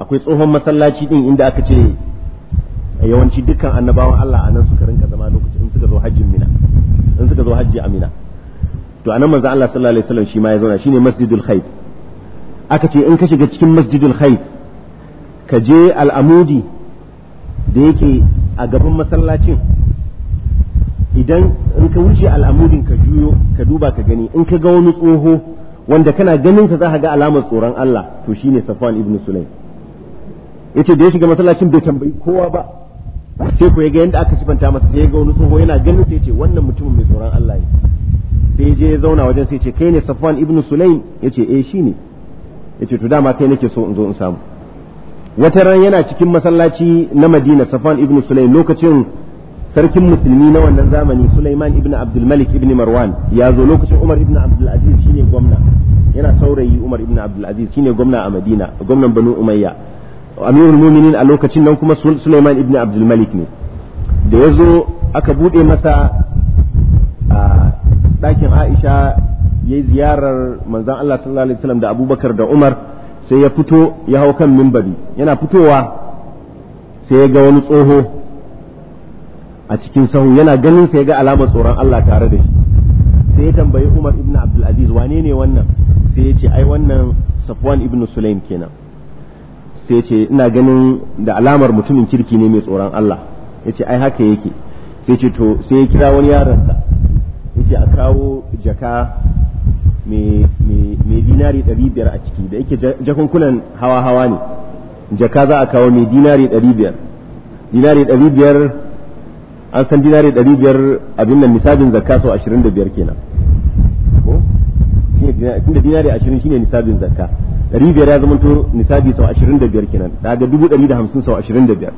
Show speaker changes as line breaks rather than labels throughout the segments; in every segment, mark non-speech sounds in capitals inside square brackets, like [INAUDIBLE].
akwai tsohon masallaci din inda aka ce yawanci dukkan annabawan Allah a nan suka rinka zama lokacin in suka zo hajjin mina in suka zo hajji a mina to anan manzo Allah sallallahu alaihi wasallam shi ma ya zauna shine masjidul khayf aka ce in ka shiga cikin masjidul khayf ka je al'amudi da yake a gaban masallacin idan in ka wuce al'amudin ka juyo ka duba ka gani in ka ga wani tsoho wanda kana ganin ka za ka ga alamar tsoron Allah to shine Safwan ibn Sulaim yace da ya shiga masallacin bai tambayi kowa ba sai ko yaga yanda aka sifanta masa sai yaga wani tsoho yana ganin sai yace wannan mutumin mai tsoron Allah ne sai je ya zauna wajen sai yace kai ne Safwan ibn Sulaim yace eh shine yace to dama kai nake so in zo in samu wata ran yana cikin masallaci na Madina Safwan ibn Sulaim lokacin sarkin musulmi na wannan zamani Sulaiman ibn Abdul Malik ibn Marwan ya zo lokacin Umar ibn Abdul Aziz shine gwamna yana saurayi Umar ibn Abdul Aziz shine gwamna a Madina gwamnan Banu Umayya amirul muminin a lokacin nan kuma Suleiman ibn Abdul Malik ne da ya zo aka buɗe masa a ɗakin Aisha ya ziyarar manzan Allah sallallahu alaihi wasallam da Abubakar da Umar sai ya fito ya hau kan mimbari yana fitowa sai ya ga wani tsoho a cikin sahu yana ganin sai ya ga alamar tsoron Allah tare da shi sai ya tambayi Umar ibn Abdul Aziz wane ne wannan sai ya ce ai wannan Safwan ibn Sulaim kenan sai ce ina ganin da alamar mutumin kirki ne mai tsoron Allah ce ai haka yake sai ce to sai ya kira wani yaron ya ce a kawo jaka mai dinari ɗari biyar a ciki da yake jakunkunan hawa hawa ne jaka za a kawo mai dinari ɗari biyar dinari ɗari biyar an san dinari ɗari biyar abin nan nisabin zakka sau ashirin da biyar kenan tunda dinari ashirin shine nisabin zakka ɗari biyar ya zamanto nisabi sau ashirin da biyar kenan daga dubu ɗari da hamsin sau ashirin da biyar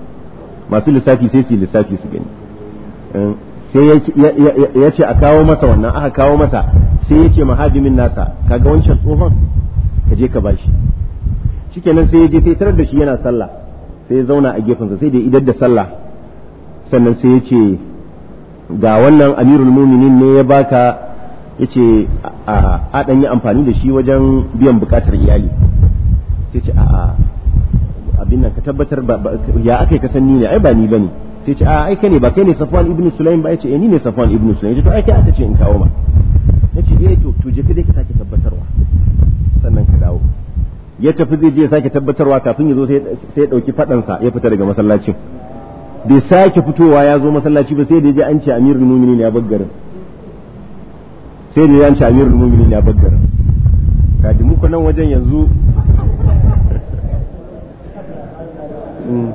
masu lissafi sai su yi lissafi su gani eh, sai ya ce a kawo masa wannan aka kawo masa sai ya ce mahadimin nasa kaga wancan tsohon ka je ka bashi nan sai ya je sai tarar da shi yana sallah sai ya zauna a gefensa sai da idar da sallah sannan sai ya ce ga wannan amirul muminin ne ya baka yace a dan yi amfani da shi wajen biyan bukatar iyali sai ce a abin nan ka tabbatar ya akai ka sanni ne ai ba ni bane sai ce a ai ne ba kai ne Safwan ibn Sulaim ba yace eh ni ne Safwan ibn Sulaim yace to ai kai aka ce in kawo ma yace eh to to je dai ka sake tabbatarwa sannan ka dawo ya tafi zai je ya sake tabbatarwa kafin ya zo sai ya dauki faɗansa ya fita daga masallacin bai sake fitowa ya zo masallaci ba sai da ya je an ce amirul mu'minin ya bar garin sai da yanci amirul mu'minin ya baddar kaji muku nan wajen yanzu mm.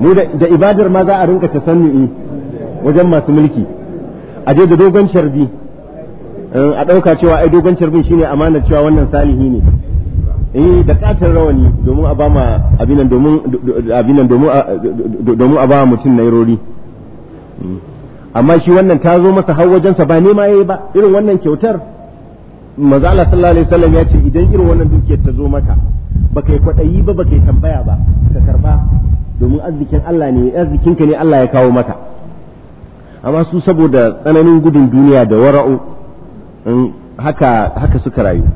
mu da ibadar ma za a rinka sannu wajen masu mulki a je da dogon sharbi eh, a ɗauka cewa ai dogon sharbin shine amana cewa wannan salihi ne eh da katar rawani domin a bama abinan domin abinan domin domin a ba mutum nairori mm. amma shi wannan ta zo masa har wajensa ba nema yi ba irin wannan kyautar manzo Allah sallallahu alaihi wasallam ya ce idan irin wannan dukiyar ta zo maka baka kai kwadayi ba baka tambaya ba ka karba domin arzikin Allah ne arzikin ka ne Allah ya kawo maka amma su saboda tsananin gudun duniya da wara'u haka haka suka rayu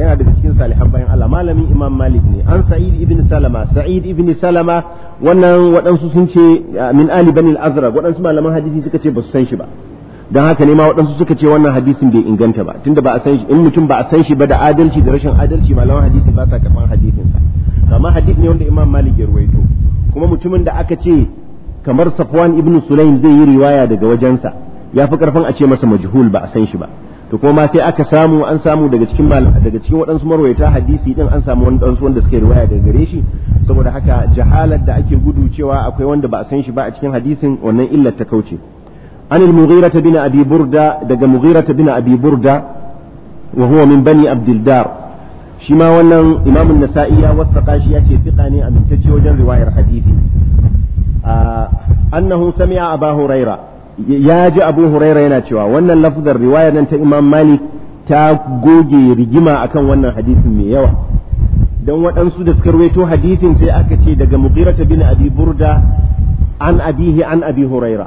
yana daga cikin salihan bayan Allah malamin Imam Malik ne an Sa'id ibn Salama Sa'id ibn Salama wannan waɗansu sun ce min Ali bani al-Azraq waɗansu malaman hadisi suka ce ba su san shi ba dan haka ne ma waɗansu suka ce wannan hadisin bai inganta ba tunda ba a san shi in mutum ba a san shi ba da adalci da rashin adalci malaman hadisi ba sa karban hadisin sa amma hadisi ne wanda Imam Malik ya ruwaito kuma mutumin da aka ce kamar Safwan ibn Sulaim zai yi riwaya daga wajensa ya fi karfin a ce masa majhul ba a san shi ba to koma ma sai aka samu an samu daga cikin daga cikin waɗansu marwayata hadisi din an samu wani ɗansu wanda suke riwaya daga gare shi saboda haka jahalar da ake gudu cewa akwai wanda ba a san shi ba a cikin hadisin wannan illar ta kauce an al-mughira bin abi burda daga mughira bin abi burda wa huwa min bani abdul dar shi ma wannan imamun nasa'i ya wasaka shi yace fiqa ne amintacce wajen riwayar hadisi ah, annahu sami'a aba huraira ya ji abu huraira yana cewa wannan lafzar riwayar nan ta imam malik ta goge rigima akan wannan hadisin mai yawa don waɗansu da suka rawaito hadisin sai aka ce daga mughirata bin abi burda an abihi an abi huraira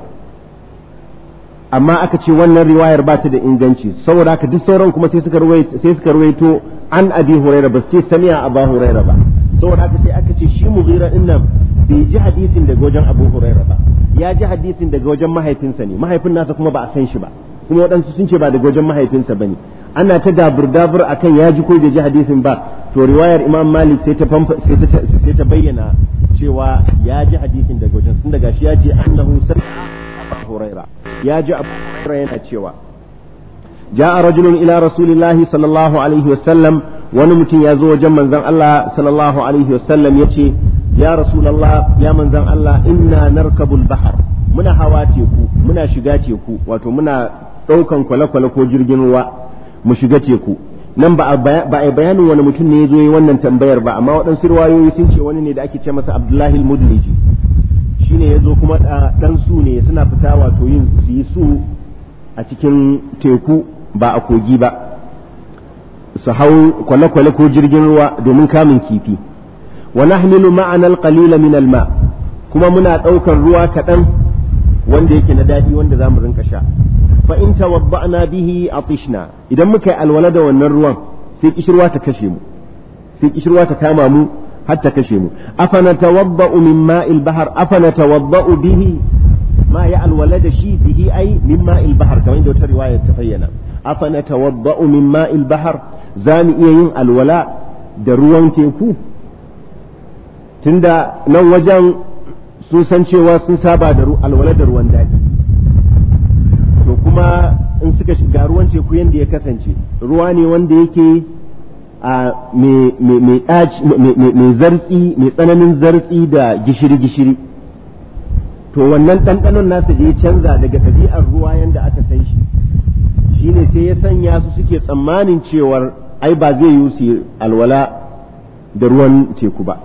amma aka ce wannan riwayar ba ta da inganci saboda haka duk sauran kuma sai suka rawaito an abi huraira ba sai sami'a abu huraira ba saboda haka sai aka ce shi mughira din nan bai ji hadisin daga wajen abu huraira ba ya ji hadisin daga wajen mahaifinsa ne mahaifin nasa kuma ba a san shi ba kuma waɗansu sun ce ba daga wajen mahaifinsa ba ne ana ta dabur dabur akan ya ji ko bai ji hadisin ba to riwayar imam malik sai ta sai ta bayyana cewa ya ji hadisin daga wajen sun daga shi ya ce annahu sami'a abu huraira ya ji abu huraira yana cewa جاء رجل إلى رسول الله صلى الله عليه وسلم wani mutum ya zo wajen manzan Allah sallallahu alaihi wasallam ya ce ya rasulullah ya manzan Allah inna narkabul bahar muna hawa teku muna shiga teku wato muna ɗaukan kwale-kwale ko jirgin ruwa mu shiga teku nan ba a bayanin wani mutum ne ya zo yi wannan tambayar ba amma waɗansu riwayoyi sun ce wani ne da ake ce masa abdullahi mudliji shi ne ya zo kuma ɗan su ne suna fita wato yin su yi su a cikin teku ba a kogi ba su hau kwale-kwale ko jirgin ruwa domin kamun kifi wa nahmilu ma'ana alqalila min alma kuma muna ɗaukar ruwa kaɗan wanda yake na daɗi wanda za mu rinka sha fa in tawabba'na bihi atishna idan muka yi alwala da wannan ruwan sai kishirwa ta kashe mu sai kishirwa ta kama mu har ta kashe mu afana tawabba'u min ma'il bahar afana tawabba'u bihi ma ya alwala da shi bihi ai min ma'il bahar kamar inda wata riwaya ta fayyana afana tawabba'u min ma'il bahar za mu iya yin alwala da ruwan teku tunda nan wajen sun san cewa sun saba da alwala da ruwan daji, to kuma in suka shiga ruwan teku yadda ya kasance ruwa ne wanda yake a mai zartsi mai tsananin zartsi da gishiri-gishiri to wannan ɗanɗanon nasa da ya canza daga ɗabi'ar ruwa yadda aka san shi shine sai ya sanya su suke tsammanin cewar ai ba zai yi su alwala da ruwan teku ba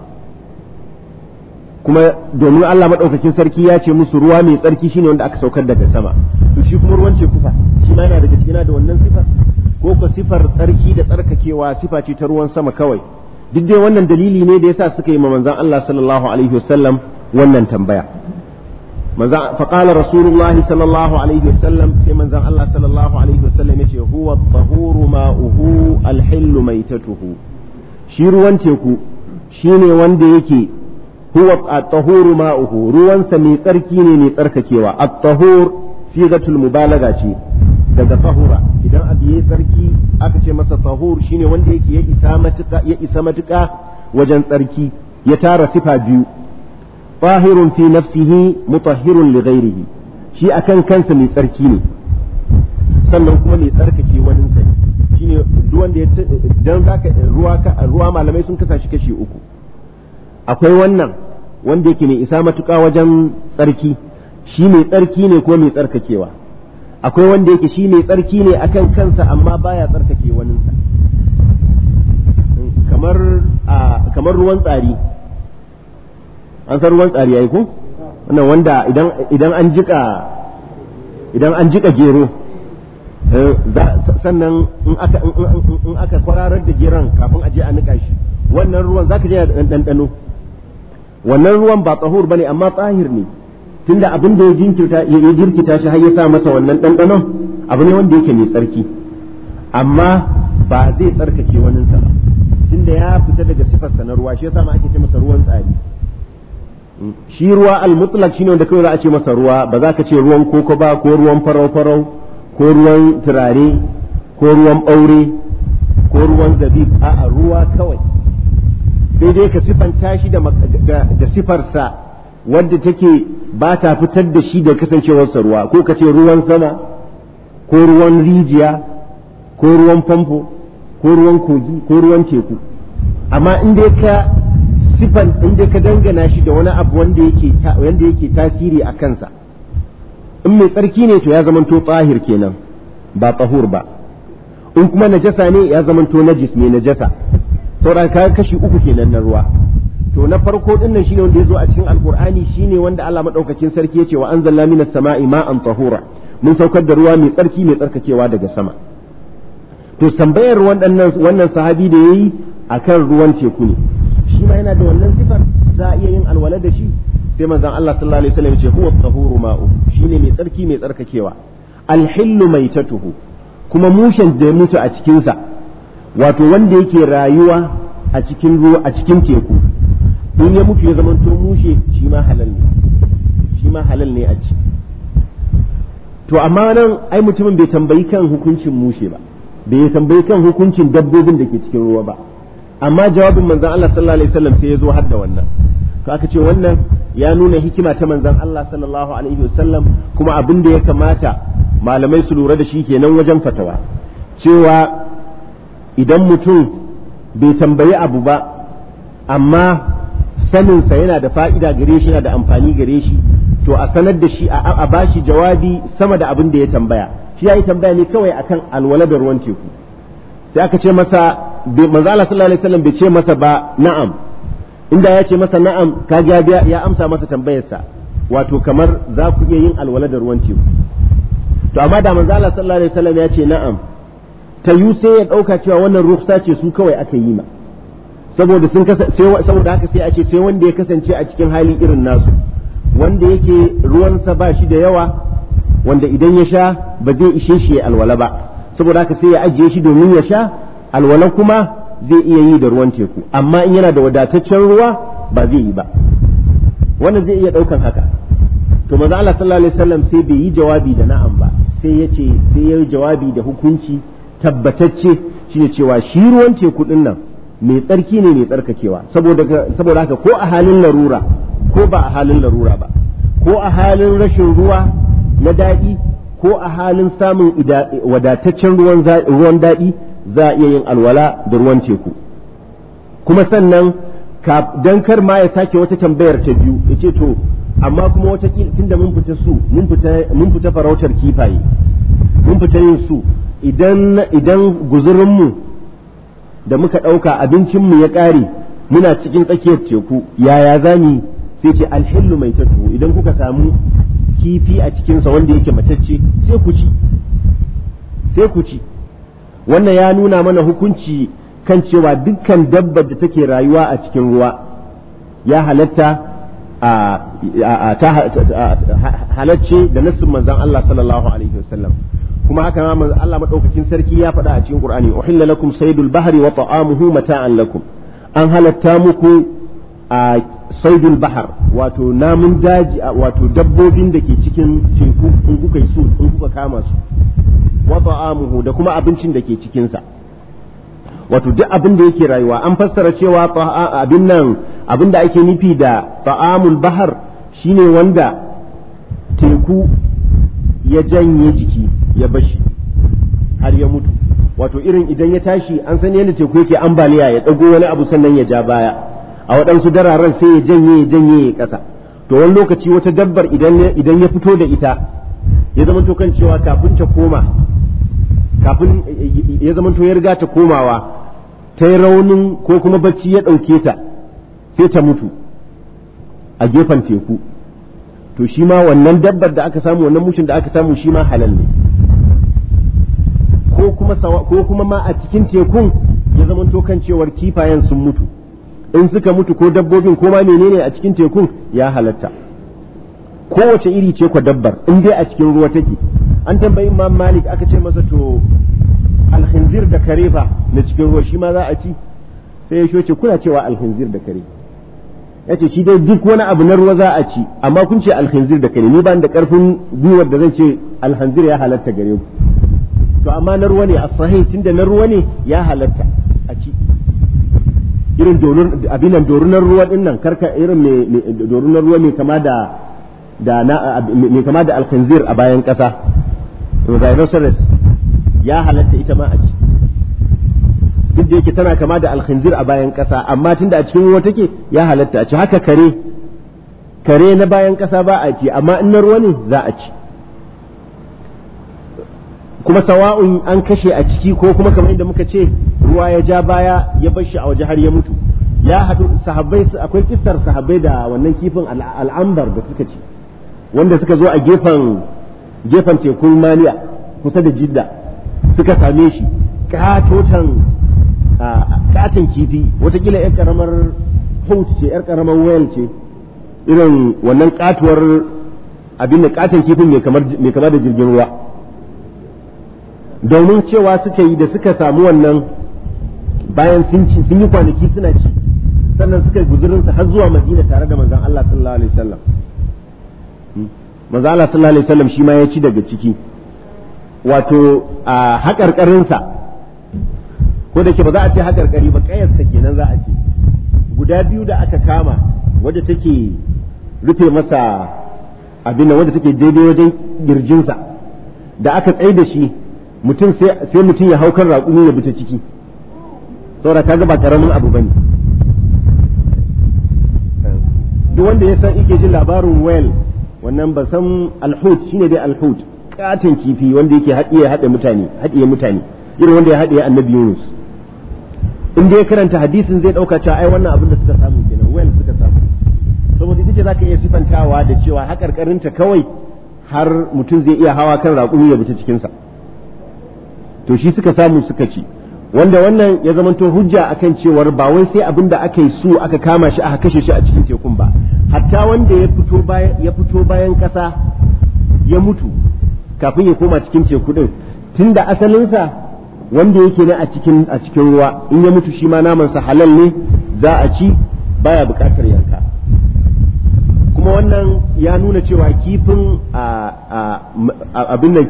kuma domin Allah maɗaukakin sarki ya ce musu ruwa mai tsarki shine wanda aka saukar daga sama to shi kuma ruwan teku fa shi ma yana daga cikin da wannan sifar ko ko sifar tsarki da tsarkakewa sifa ce ta ruwan sama kawai duk dai wannan dalili ne da yasa suka yi ma manzon Allah sallallahu alaihi wasallam wannan tambaya manzan faqala rasulullahi sallallahu alaihi wasallam sai manzan Allah sallallahu alaihi wasallam yace huwa tahuru ma'uhu alhillu maitatuhu shi ruwan teku shine wanda yake huwa at-tahuru ma'uhu ruwansa mai tsarki ne mai tsarkakewa at-tahur sigatul mubalaga ce daga tahura idan abu yayi tsarki aka ce masa tahur shine wanda yake ya isa ya isa matuka wajen tsarki ya tara sifa biyu طاهر في نفسه مطهر لغيره shi akan kansa mai tsarki ne sannan kuma mai tsarkake wani sani shi ne wanda ya dan zaka ruwa ruwa malamai sun kasa shi kashi uku akwai wannan wanda yake mai isa matuƙa wajen tsarki shi mai tsarki ne ko mai tsarkakewa akwai wanda yake shi mai tsarki ne akan kansa amma baya tsarkake waninsa kamar kamar ruwan tsari an san ruwan tsari yayi ko wannan wanda idan idan an jika idan an jika gero eh, sannan in aka in aka kwararar da geron kafin a je a nika shi wannan ruwan zaka je dandano wannan ruwan ba tsahur bane amma tsahir ne tunda abin da ya jinkirta ya jirkita shi har ya sa masa wannan ɗanɗanon abu ne wanda yake mai tsarki amma ba zai tsarkake waninsa ba tunda ya fita daga sifarsa na ruwa shi yasa ma ake ce masa ruwan tsari shi ruwa al-mutlaq shine wanda kawai za a ce masa ruwa ba za ka ce ruwan koko ba ko ruwan farau farau ko ruwan turare ko ruwan ɓaure ko ruwan zabib a'a ruwa kawai sai dai ka sifanta shi da da sifarsa wadda take ba ta fitar da shi da kasancewarsa ruwa ko ka ce ruwan sama ko ruwan rijiya ko ruwan famfo ko ruwan kogi ko ruwan teku amma in dai ka sifan in dai ka dangana shi da wani abu wanda yake tasiri a kansa in mai tsarki ne to ya zamanto tsahir kenan ba tsahur ba in kuma najasa ne ya zamanto najis ne najasa sauran ka kashi uku kenan na ruwa to na farko din nan shine wanda yazo a cikin alqur'ani shine wanda Allah madaukakin sarki yace wa anzalna minas sama'i ma'an tahura mun saukar da ruwa mai tsarki mai tsarkakewa daga sama to tambayar wannan wannan sahabi da yayi akan ruwan teku ne shi ma yana da wannan sifar za a iya yin alwala da shi sai manzon Allah sallallahu alaihi wasallam ce huwa tahuru ma'u shine mai tsarki mai tsarkakewa alhillu maitatuhu kuma mushen da ya mutu a cikin sa wato wanda yake rayuwa a cikin ruwa a cikin teku in ya mutu ya zamanto mushe shi ma halal ne shi ma halal ne a ci to amma nan ai mutumin bai tambayi kan hukuncin mushe ba bai tambayi kan hukuncin dabbobin da ke cikin ruwa ba amma jawabin manzon Allah sallallahu alaihi wasallam sai ya zo har da wannan to aka ce wannan ya nuna hikima ta manzon Allah sallallahu alaihi wasallam kuma abin da ya kamata malamai su lura da shi kenan wajen fatawa cewa idan mutum bai tambayi abu ba amma saninsa yana da fa'ida gare shi yana da amfani gare shi to a sanar da shi a bashi jawabi sama da abin da ya tambaya shi ya yi tambaya ne kawai akan alwala da ruwan teku sai aka ce masa manzo Allah sallallahu alaihi wasallam bai ce masa ba na'am inda ya ce masa na'am ka ga ya amsa masa tambayarsa wato kamar za ku iya yin alwala da ruwan teku to amma da manzo Allah sallallahu alaihi wasallam ya ce na'am ta yu sai ya dauka cewa wannan ruksa ce su kawai aka yi ma saboda sun saboda haka sai a ce sai wanda ya kasance a cikin hali irin nasu wanda yake ruwansa ba shi da yawa wanda idan ya sha ba zai ishe shi alwala ba saboda haka sai ya ajiye shi domin ya sha alwala kuma zai iya yi da ruwan teku amma in yana da wadataccen ruwa ba zai yi ba wannan zai iya ɗaukan haka to manzo Allah sallallahu alaihi wasallam sai bai yi jawabi da na'am ba sai ya ce sai ya yi jawabi da hukunci tabbatacce shine cewa shi ruwan teku din nan mai tsarki ne mai tsarkakewa saboda saboda haka ko a halin larura ko ba a halin larura ba ko a halin rashin ruwa na daɗi ko a halin samun wadataccen ruwan daɗi za a iya yin alwala da ruwan teku kuma sannan dan kar ma ya sake wata tambayar ta biyu ya ce to amma kuma wata tunda mun fita su mun fita farautar kifaye mun fita yin su idan guzurinmu da muka ɗauka abincinmu ya ƙare muna cikin tsakiyar teku yaya zani sai ce alhillu mai tatu idan kuka samu kifi a cikinsa wanda yake matacce sai ku ci sai ku ci wannan ya nuna mana hukunci kan cewa dukkan dabbar da take rayuwa a cikin ruwa ya halatta halacce da nassin manzan Allah sallallahu alaihi wasallam kuma haka ma Allah madaukakin sarki ya faɗa a cikin Qur'ani uhilla lakum saydul bahri wa ta'amuhu mata'an lakum an halatta muku a saydul bahar wato namun daji wato dabbobin da ke cikin teku in kuka yi su in kuka kama su wa ta'amuhu da kuma abincin da ke cikinsa wato duk abin da yake rayuwa an fassara cewa abin nan abin da ake nufi da ta'amul bahar shine wanda teku ya janye jiki ya bashi har ya mutu wato irin idan ya tashi an san yadda teku yake ambaliya ya ɗago wani abu sannan ya ja baya a waɗansu dararen sai ya janye ya janye ya ƙasa to wani lokaci wata dabbar idan ya fito da ita ya zama to cewa kafin ta koma kafin ya zamanto ya riga ta komawa ta yi raunin ko kuma bacci ya ɗauke ta sai ta mutu a gefen teku to shi ma wannan dabbar da aka samu wannan mushin da aka samu shi ma halal ne ko kuma ko kuma ma a cikin tekun ya zamanto kan cewar kifayen sun mutu in suka mutu ko dabbobin ko ma menene a cikin tekun ya halatta kowace iri ce ko dabbar in dai a cikin ruwa take an tambayi imam malik aka ce masa to alhinzir da kare fa na cikin ruwa shi ma za a ci sai ya shoce kuna cewa alhinzir da kare ya ce shi dai duk wani abu na ruwa za a ci amma kun ce alhinzir da kare ni ba da karfin gwiwar da zan ce alhinzir ya halatta gare ku to amma na ruwa ne a sahi tunda na ruwa ne ya halatta a ci irin abin nan dorunar ruwa din nan karka irin mai dorunar ruwa mai kama da da na mai kama da alkhinzir a bayan kasa to rhinoceros ya halatta ita ma a ci duk da yake tana kama da alkhinzir a bayan ƙasa amma tunda a cikin ruwa take ya halatta a ci haka kare kare na bayan ƙasa ba a ci amma in na ruwa ne za a ci kuma sawa'un an kashe a ciki ko kuma kamar inda muka ce ruwa ya ja baya ya bar shi a waje har ya mutu ya haɗu sahabbai akwai kissar sahabbai da wannan kifin al'ambar da suka ci wanda suka zo a gefen gefen tekun maniya kusa da jidda suka same shi katotan katin kifi watakila yar karamar hout ce yar karamar wayan ce irin wannan katuwar abin da katin kifin mai kama da jirgin ruwa domin cewa suka yi da suka samu wannan bayan sun yi kwanaki suna ci sannan suka yi guzurinsa har zuwa madina tare da manzon Allah sallallahu alaihi wasallam manzo Allah sallallahu alaihi wasallam shi ma ya ci daga ciki wato a haƙarƙarinsa ko da ke ba za a ce hakarkari ba ƙayarsa kenan za a ce guda biyu da aka kama wadda take rufe masa abin nan wadda take daidai wajen sa da aka tsaye da shi mutum sai mutum ya haukar raƙumi ya bi ta ciki saboda ta ba karamin abu bane duk wanda ya san yake jin labarin well wannan ba san alhut shine dai alhut katin kifi wanda yake haɗiye haɗe mutane haɗiye mutane irin wanda ya haɗiye annabi Yunus in dai karanta hadisin zai ɗauka cewa ai wannan abin da suka samu kenan wayan suka samu saboda ita ce zaka iya sifantawa da cewa haƙarƙarinta kawai har mutum zai iya hawa kan raƙumi ya cikin cikinsa to shi suka samu suka ci wanda wannan ya zamanto hujja akan cewar ba wai sai abin da aka yi su aka kama shi aka kashe shi a cikin tekun ba hatta wanda ya fito bayan ya fito bayan ƙasa ya mutu kafin ya koma cikin teku din tunda asalinsa wanda yake na a cikin a cikin ruwa in ya mutu shi ma naman sa halal ne za a ci baya buƙatar yanka kuma wannan ya nuna cewa kifin abin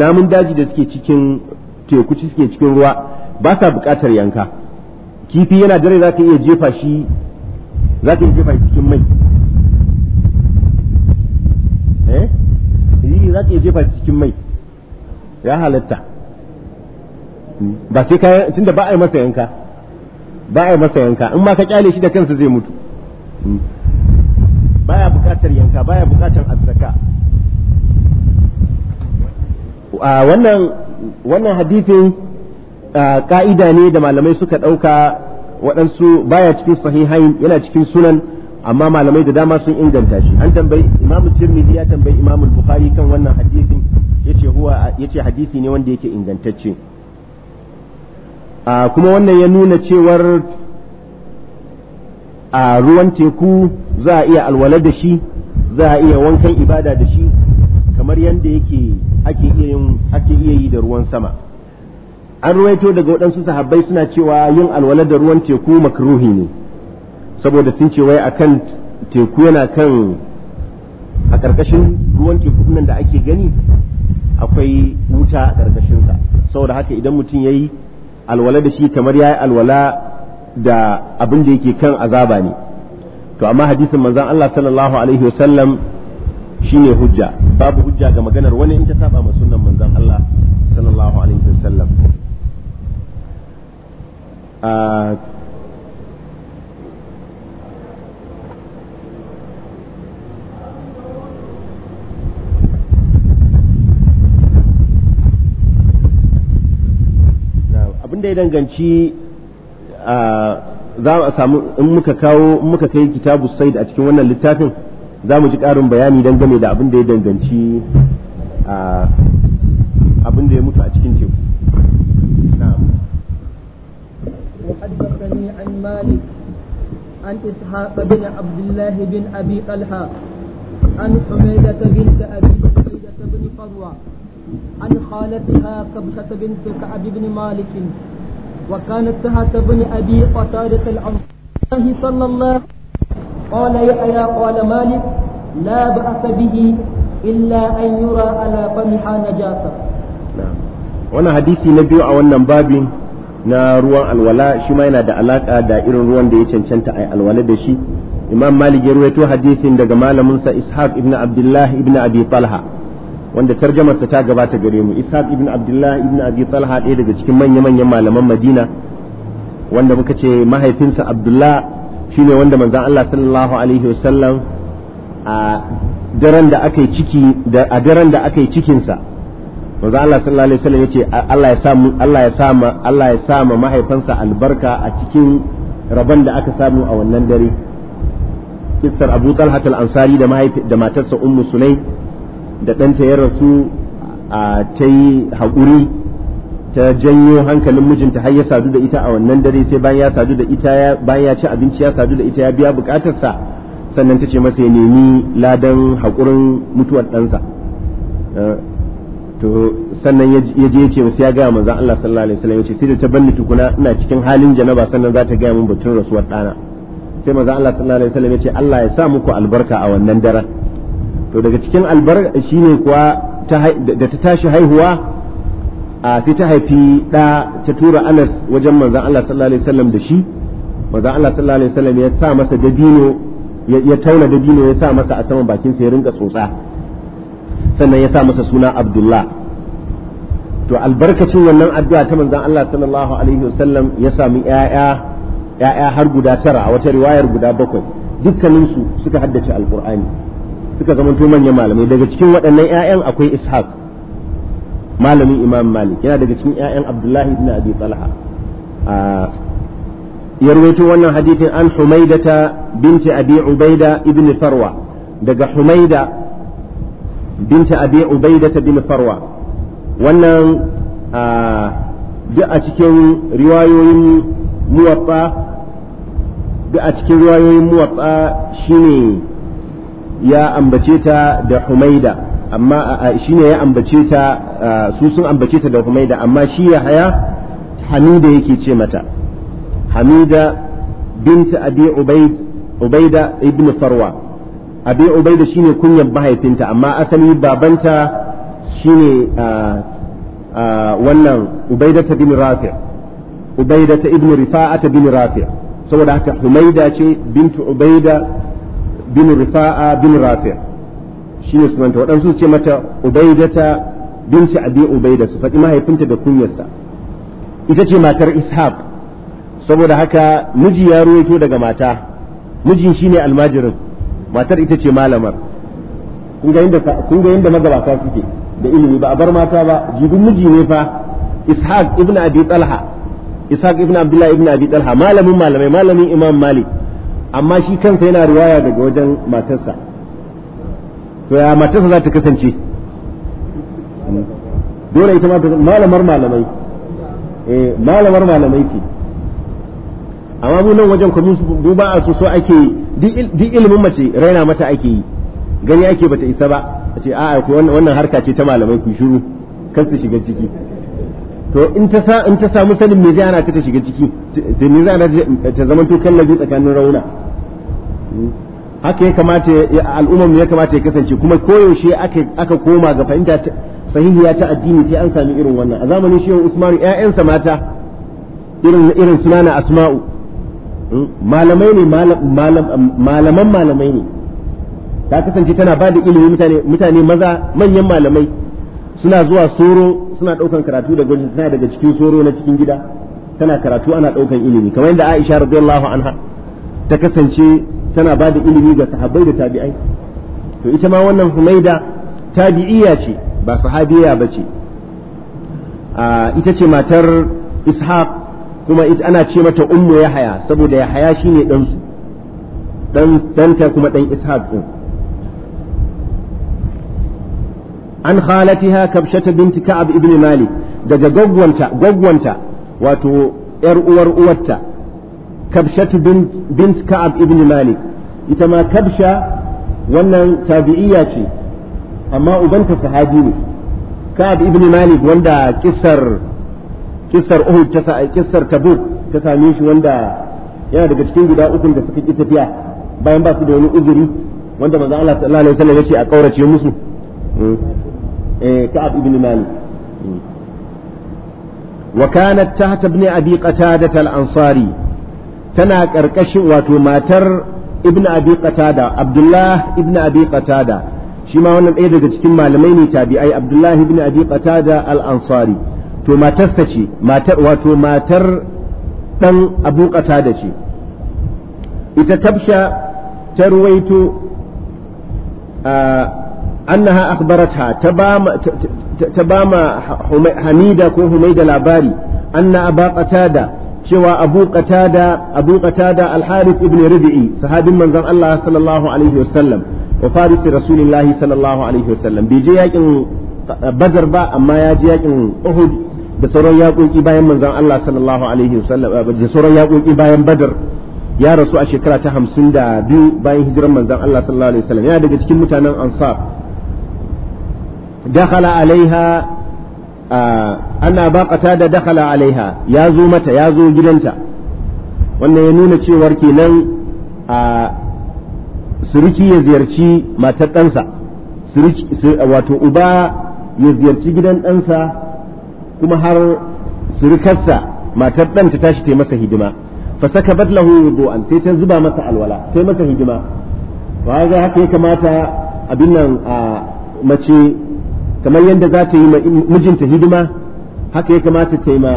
namun daji da suke cikin teku suke cikin ruwa ba sa buƙatar yanka kifi yana dare za ka iya jefa shi za ka iya jefa shi cikin mai eh za ka iya jefa shi cikin mai ya halatta ba sai kayan tunda ba a yi masa yanka ba a yi masa yanka in ma ka kyale shi da kansa zai mutu baya buƙatar yanka baya buƙatar azzaka a wannan wannan hadithin ka'ida ne da malamai suka ɗauka waɗansu baya cikin sahihain yana cikin sunan amma malamai da dama sun inganta shi an tambayi imamu tirmidhi ya tambayi imamu bukhari kan wannan hadithin yace huwa yace hadisi ne wanda yake ingantacce kuma wannan ya nuna cewar a ruwan teku za a iya alwala da shi za a iya wankan ibada da shi kamar yadda yake ake iya yin ake iya yi da ruwan sama an ruwaito daga waɗansu sahabbai suna cewa yin alwala da ruwan teku makruhi ne saboda sun ce wai akan teku yana kan a ƙarƙashin ruwan teku nan da ake gani akwai wuta a sa saboda haka idan mutum yayi alwala da shi kamar yayi alwala da abin da yake kan azaba ne to amma hadisin manzon Allah sallallahu alaihi wasallam shine hujja babu hujja ga maganar wani in ta saba ma sunnan manzon Allah sallallahu alaihi wasallam abin abinda ya danganci za a samu in muka kawo muka kai kitabu said a cikin wannan littafin za mu ji ƙarin bayani dangane da abin da ya danganci abin da ya mutu a cikin teku na'am
وحدثني عن مالك عن إسحاق بن عبد الله بن أبي طلحة عن حميدة بنت أبي حميدة بن فروة عن خالتها كبشة بنت كعب بن مالك وكانت تحت بن أبي قتادة الأنصاري صلى الله عليه وسلم قال يحيى قال مالك لا بأس به إلا أن يرى على فمها نجاسة
نعم na حديثي a wannan babin na ruwan alwala shi ma yana da alaka da irin ruwan da ya cancanta a alwala da shi imam malik ya ruwaito hadisin daga malaminsa ishaq ibn abdullah ibn abi talha wanda tarjamarsa ta gabata gare mu ishaq ibn abdullah ibn abi talha ɗaya daga cikin manya-manyan malaman madina wanda muka ce mahaifinsa abdullah shi ne wanda manzan Allah sallallahu alaihi wasallam a daren da aka yi ciki a daren da aka Allah sallallahu alaihi wasallam ce Allah ya samu Allah ya sa Allah ya sa mahaifansa albarka a cikin rabon da aka samu a wannan dare kissar Abu Talha al-Ansari da da matarsa Ummu Sulaim da ɗanta ya rasu a ta yi haƙuri ta janyo hankalin mijinta har ya sadu da ita a wannan dare sai bayan ya sadu da ita bayan ya ci abinci ya sadu da ita ya biya bukatarsa sannan ta ce masa ya nemi ladan haƙurin mutuwar ɗansa eh, to sannan ya je ya ce masa ya gaya manzon Allah sallallahu alaihi wasallam ya ce sai da ta banni tukuna ina cikin halin janaba sannan za ta gaya min batun rasuwar ɗana sai manzon Allah sallallahu alaihi wasallam ya ce Allah ya sa muku albarka a wannan daren to daga cikin albarka shine kuwa da ta tashi haihuwa a sai ta haifi ɗa ta tura anas wajen manzan Allah sallallahu alaihi wasallam da shi manzan Allah sallallahu alaihi wasallam ya sa masa dabino ya tauna dabino ya sa masa a saman bakin sa ya rinka tsotsa sannan ya sa masa suna Abdullah to albarkacin wannan addu'a ta manzan Allah sallallahu alaihi wasallam ya sami ƴaƴa ƴaƴa har guda tara a wata riwayar guda bakwai dukkaninsu suka haddace alqur'ani suka zamanto manyan malamai daga cikin waɗannan ƴaƴan akwai Ishaq malamin imam malik yana daga cikin ya'yan abdullahi ibn abi talha ya rawaito wannan hadithin an humaidata binti abi ubaida ibn farwa daga humaida binti abi ubaida ibn farwa wannan duk a cikin riwayoyin muwatsa duk a cikin riwayoyin muwatsa shine ya ambace ta da humaida amma shi ne ya ambace ta su sun ambace ta da humaida amma shi ya haya hamida yake ce mata hamida Binta, abi ubaida ibn farwa abi ubaida shine kunyan mahaifinta amma asali babanta shine wannan ubaidata bin rafi ubaidata ibn rifa'ata bin rafi saboda haka humaida ce bintu ubaida bin rifa'a bin rafi' shi ne sunanta waɗansu ce mata ubaidata binci abi ubaida su faɗi mahaifinta da kunyarsa ita ce matar ishaq saboda haka miji ya ruwaito daga mata mijin shi ne almajirin matar ita ce malamar kun ga yadda magabata suke da ilimi ba a bar mata ba jibin miji ne fa ishaq ibn abi talha ishaq ibn Abdullahi, ibn abi talha malamin malamai malamin imam malik amma shi kansa yana riwaya daga wajen matarsa to ya matarsa za ta kasance dole ita ma malamar malamai eh malamar malamai ce amma mu nan wajen kuma ba a su so ake duk ilimin mace raina mata ake yi gani ake bata isa ba a ce a'a ko wannan harka ce ta malamai ku shiru kan su shiga ciki to in ta sa in ta samu sanin me zai ana ta shiga ciki to me zai ana ta to kallabi tsakanin rauna hmm. haka ya kamata al'ummar ya kamata ya kasance kuma koyaushe aka koma ga fahimta sahihiya ta addini sai an sami irin wannan a zamanin shi Usman ƴaƴansa mata irin irin sunana Asma'u hmm, malamai ne malaman malamai ne ta kasance tana ba da ilimi mutane mutane maza manyan malamai suna zuwa soro suna ɗaukan karatu daga gwajin suna daga cikin soro na cikin gida tana karatu ana ɗaukan ilimi kamar yadda Aisha radiyallahu anha ta kasance tana ba da ilimi ga sahabbai da tabi'ai to ita ma wannan humaida tabi'iya ce ba sahabiya ba ce ita ce matar ishaq kuma ana ce mata ummu yahaya saboda yahaya shine ɗansu ɗanta kuma ɗan ishaq ɗin an khalatiha kabshata binti ka'ab ibn malik daga gwagwanta wato yar uwar uwarta kabshatu bint ka'ab ibn malik ita ma kabsha wannan tabi'iyya ce amma ubanta sahabi ne ka'ab ibn malik wanda kisar kisar uhud ta kisar tabuk ta same shi wanda yana daga cikin guda ukun da suka ki tafiya bayan ba da wani uzuri wanda manzo Allah sallallahu alaihi wasallam ya ce a ƙaurace musu hmm. eh ka'ab ibn malik وكانت تحت ابن أبي قتادة الأنصاري tana ƙarƙashin wato matar ibn abi qatada abdullah ibn abi qatada shi ma wannan ɗaya daga cikin malamai ne tabi'ai abdullah ibn abi qatada al-ansari to matarsa ce matar wato matar dan abu qatada ce ita tabsha ta ruwaito annaha akhbarata ta ba ma hamida ko humaida labari anna aba qatada cewa abu qatada abu qatada al-harith ibn rabi'i sahabin manzon Allah sallallahu alaihi wasallam wa faris rasulillahi sallallahu alaihi wasallam bai je yakin badar ba amma ya je yakin uhud da sauran yaƙoƙi bayan manzon Allah sallallahu alaihi wasallam eh, da sauran yaƙoƙi bayan badar ya rasu a shekara ta hamsin da biyu bayan hijirar manzon Allah sallallahu alaihi wasallam yana daga cikin mutanen ansar dakhala alaiha ana baƙata da dakala alaiha ya zo mata ya zo gidanta wannan ya nuna cewar kenan a suruki ya ziyarci matar ɗansa wato uba ya ziyarci gidan ɗansa kuma har surukarsa matar ɗan ta tashi ta masa hidima fa saka badlahu wudu'an sai ta zuba masa alwala sai masa hidima ba ga haka ya kamata abin nan a mace kamar yadda za ta yi mijinta hidima haka ya kamata ta yi ma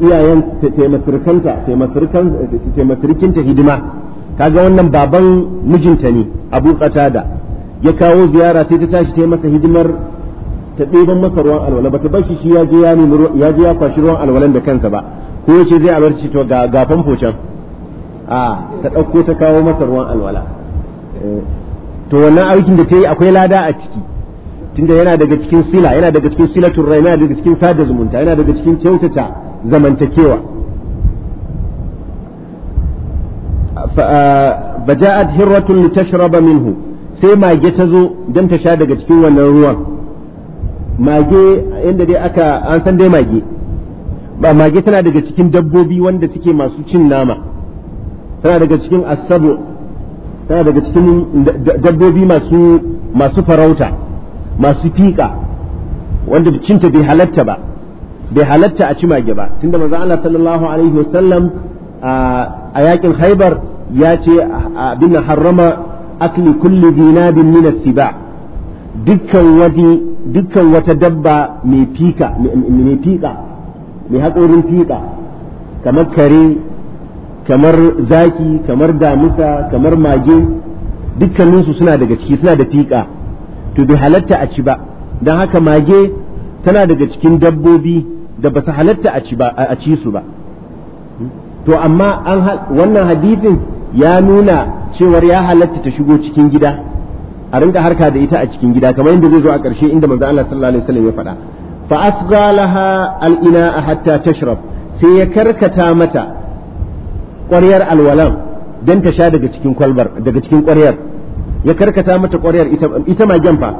iyayen ta yi masirkanta ta yi masirkinta hidima kaga wannan baban mijinta ne abu da ya kawo ziyara sai ta tashi ta yi masa hidimar ta ɗeban masa ruwan alwala ba ta bashi shi ya je ya nemi ya je ya kwashi ruwan alwalan da kansa ba ko ya ce zai abarci to ga ga famfo can a ta ɗauko ta kawo masa ruwan alwala eh, to wannan aikin da ta yi akwai lada a ciki tunda yana daga cikin sila yana daga cikin silatul rahim yana daga cikin sada zumunta yana daga cikin kyautata zamantakewa baja'at hirratun litashraba minhu sai mage tazo zo don ta sha daga cikin wannan ruwan mage inda dai aka an san dai mage ba mage tana daga cikin dabbobi wanda suke masu cin nama tana daga cikin asabu tana daga cikin dabbobi masu masu farauta masu fiƙa wanda cinta bai halatta ba bai halatta a ci mage ba tunda manzo Allah sallallahu alaihi wasallam a yakin Haibar ya ce bin harrama akli kulli dinabin min as-siba dukkan wani dukkan wata dabba mai fika mai fika mai haƙorin fiƙa kamar kare kamar zaki kamar damusa kamar mage dukkaninsu suna daga ciki suna da fika to bi halatta a ci ba don haka mage tana daga cikin dabbobi da ba su halatta a ci su ba to amma an wannan hadithin ya nuna cewar ya halatta ta shigo cikin gida a rinka harka da ita a cikin gida kamar yadda zai zo a ƙarshe inda manzo Allah sallallahu alaihi wasallam ya faɗa fa asgha laha al a hatta tashrab sai ya karkata mata ƙwaryar alwalan don ta sha daga cikin kwalbar daga cikin ƙwaryar ya karkata mata ƙwaryar ita magen fa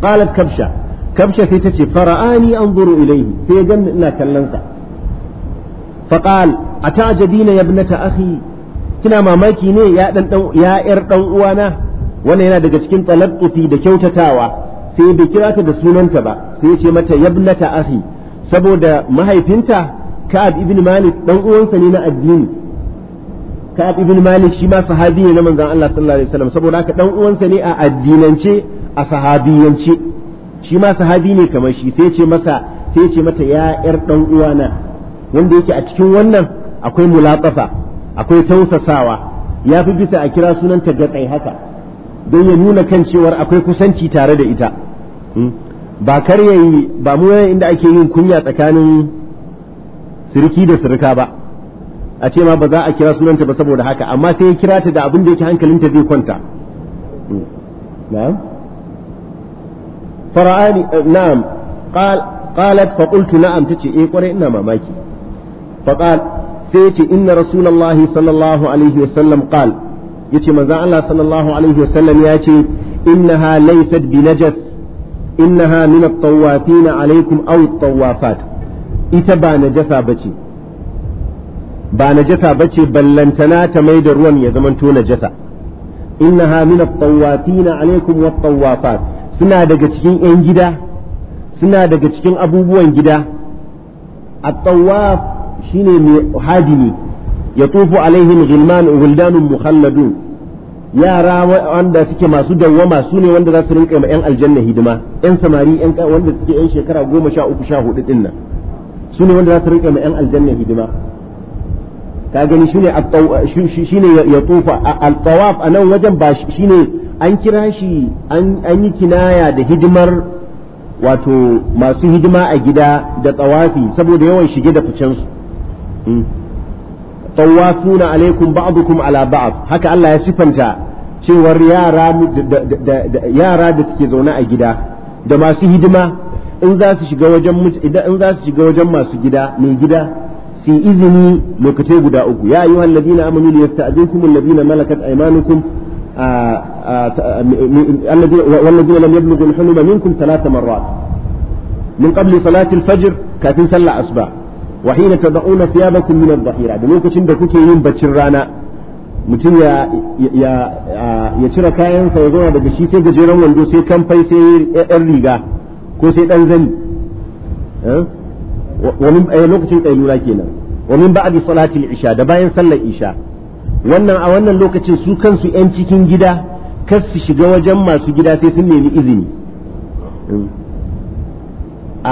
qalat kabsha kabsha sai ta ce fara'ani anzuru ilaihi sai ya ganni ina kallon sa fa atajabina ya akhi kina mamaki ne ya dan ya yar dan uwana wannan yana daga cikin talattufi da kyautatawa sai bai kira ta da sunanta ba sai ya ce mata yabnata akhi saboda mahaifinta Ka'ab ibn Malik dan uwansa ne na addini Ka'ab ibn Malik shi ma sahabi ne na manzon Allah sallallahu alaihi wasallam saboda haka dan uwansa ne a addinance a sahabiyance shi ma sahabi ne kamar shi sai ce masa sai ce mata ya yar dan uwana wanda yake a cikin wannan akwai mulatafa akwai tausasawa ya fi bisa a kira sunanta gatsai haka don ya nuna kan cewar akwai kusanci tare da ita hmm? ba karyayi ba mu inda ake yin kunya tsakanin sirki da sirka ba a ce ma ba za a kira sunanta ba saboda haka amma sai ya kira ta da abin da yake hankalinta zai kwanta hmm. fara'ani eh, na'am qalat fa qultu na'am tace eh kware ina mamaki fa qal sai yace inna rasulullahi sallallahu alaihi sallam qal yace manzon Allah sallallahu alaihi wasallam yace innaha laysat bi najas innaha min at-tawafin alaikum aw at-tawafat ita ba najasa bace ba najasa bace ballantana ta mai da ruwan ya zamanto najasa innaha min at-tawafina alaikum wat-tawafat suna daga cikin yan gida suna daga cikin abubuwan gida at-tawaf shine mai hadimi ya tufu alaihim ghilman ghuldanun mukhalladun yara wanda suke masu dawwama su ne wanda za su rinka ma 'yan aljanna hidima 'yan samari 'yan wanda suke 'yan shekara goma sha uku sha hudu din nan su ne wanda za su rinka ma 'yan aljanna hidima ka gani shine shine ya tufa al-tawaf a nan wajen ba shine an kira shi an yi kinaya da hidimar wato masu hidima a gida da tsawafi saboda yawan shige da ficen su hmm. tawafuna alaikum ba'dukum ala ba'd haka Allah ya sifanta cewar yara da suke zaune a gida da masu hidima in za su shiga wajen masu gida mai gida su izini lokacin guda uku ya ayyuhal ladina amanu liyasta'zinkum alladina malakat aymanukum والذين لم يبلغوا الحلم منكم ثلاث مرات من قبل da الفجر كافين صلى أصبع وحين تضعون ثيابكم من الظهيرة da شند mutum ya ya cire kayansa ya zauna daga shi sai gajeren wando sai kamfai sai yan riga ko sai dan zani ومن أي لوكتين قيلولا كينا ومن بعد صلاة العشاء ده باين صلى العشاء wannan a wannan lokacin su kansu 'yan cikin gida kar su shiga wajen masu gida sai sun nemi izini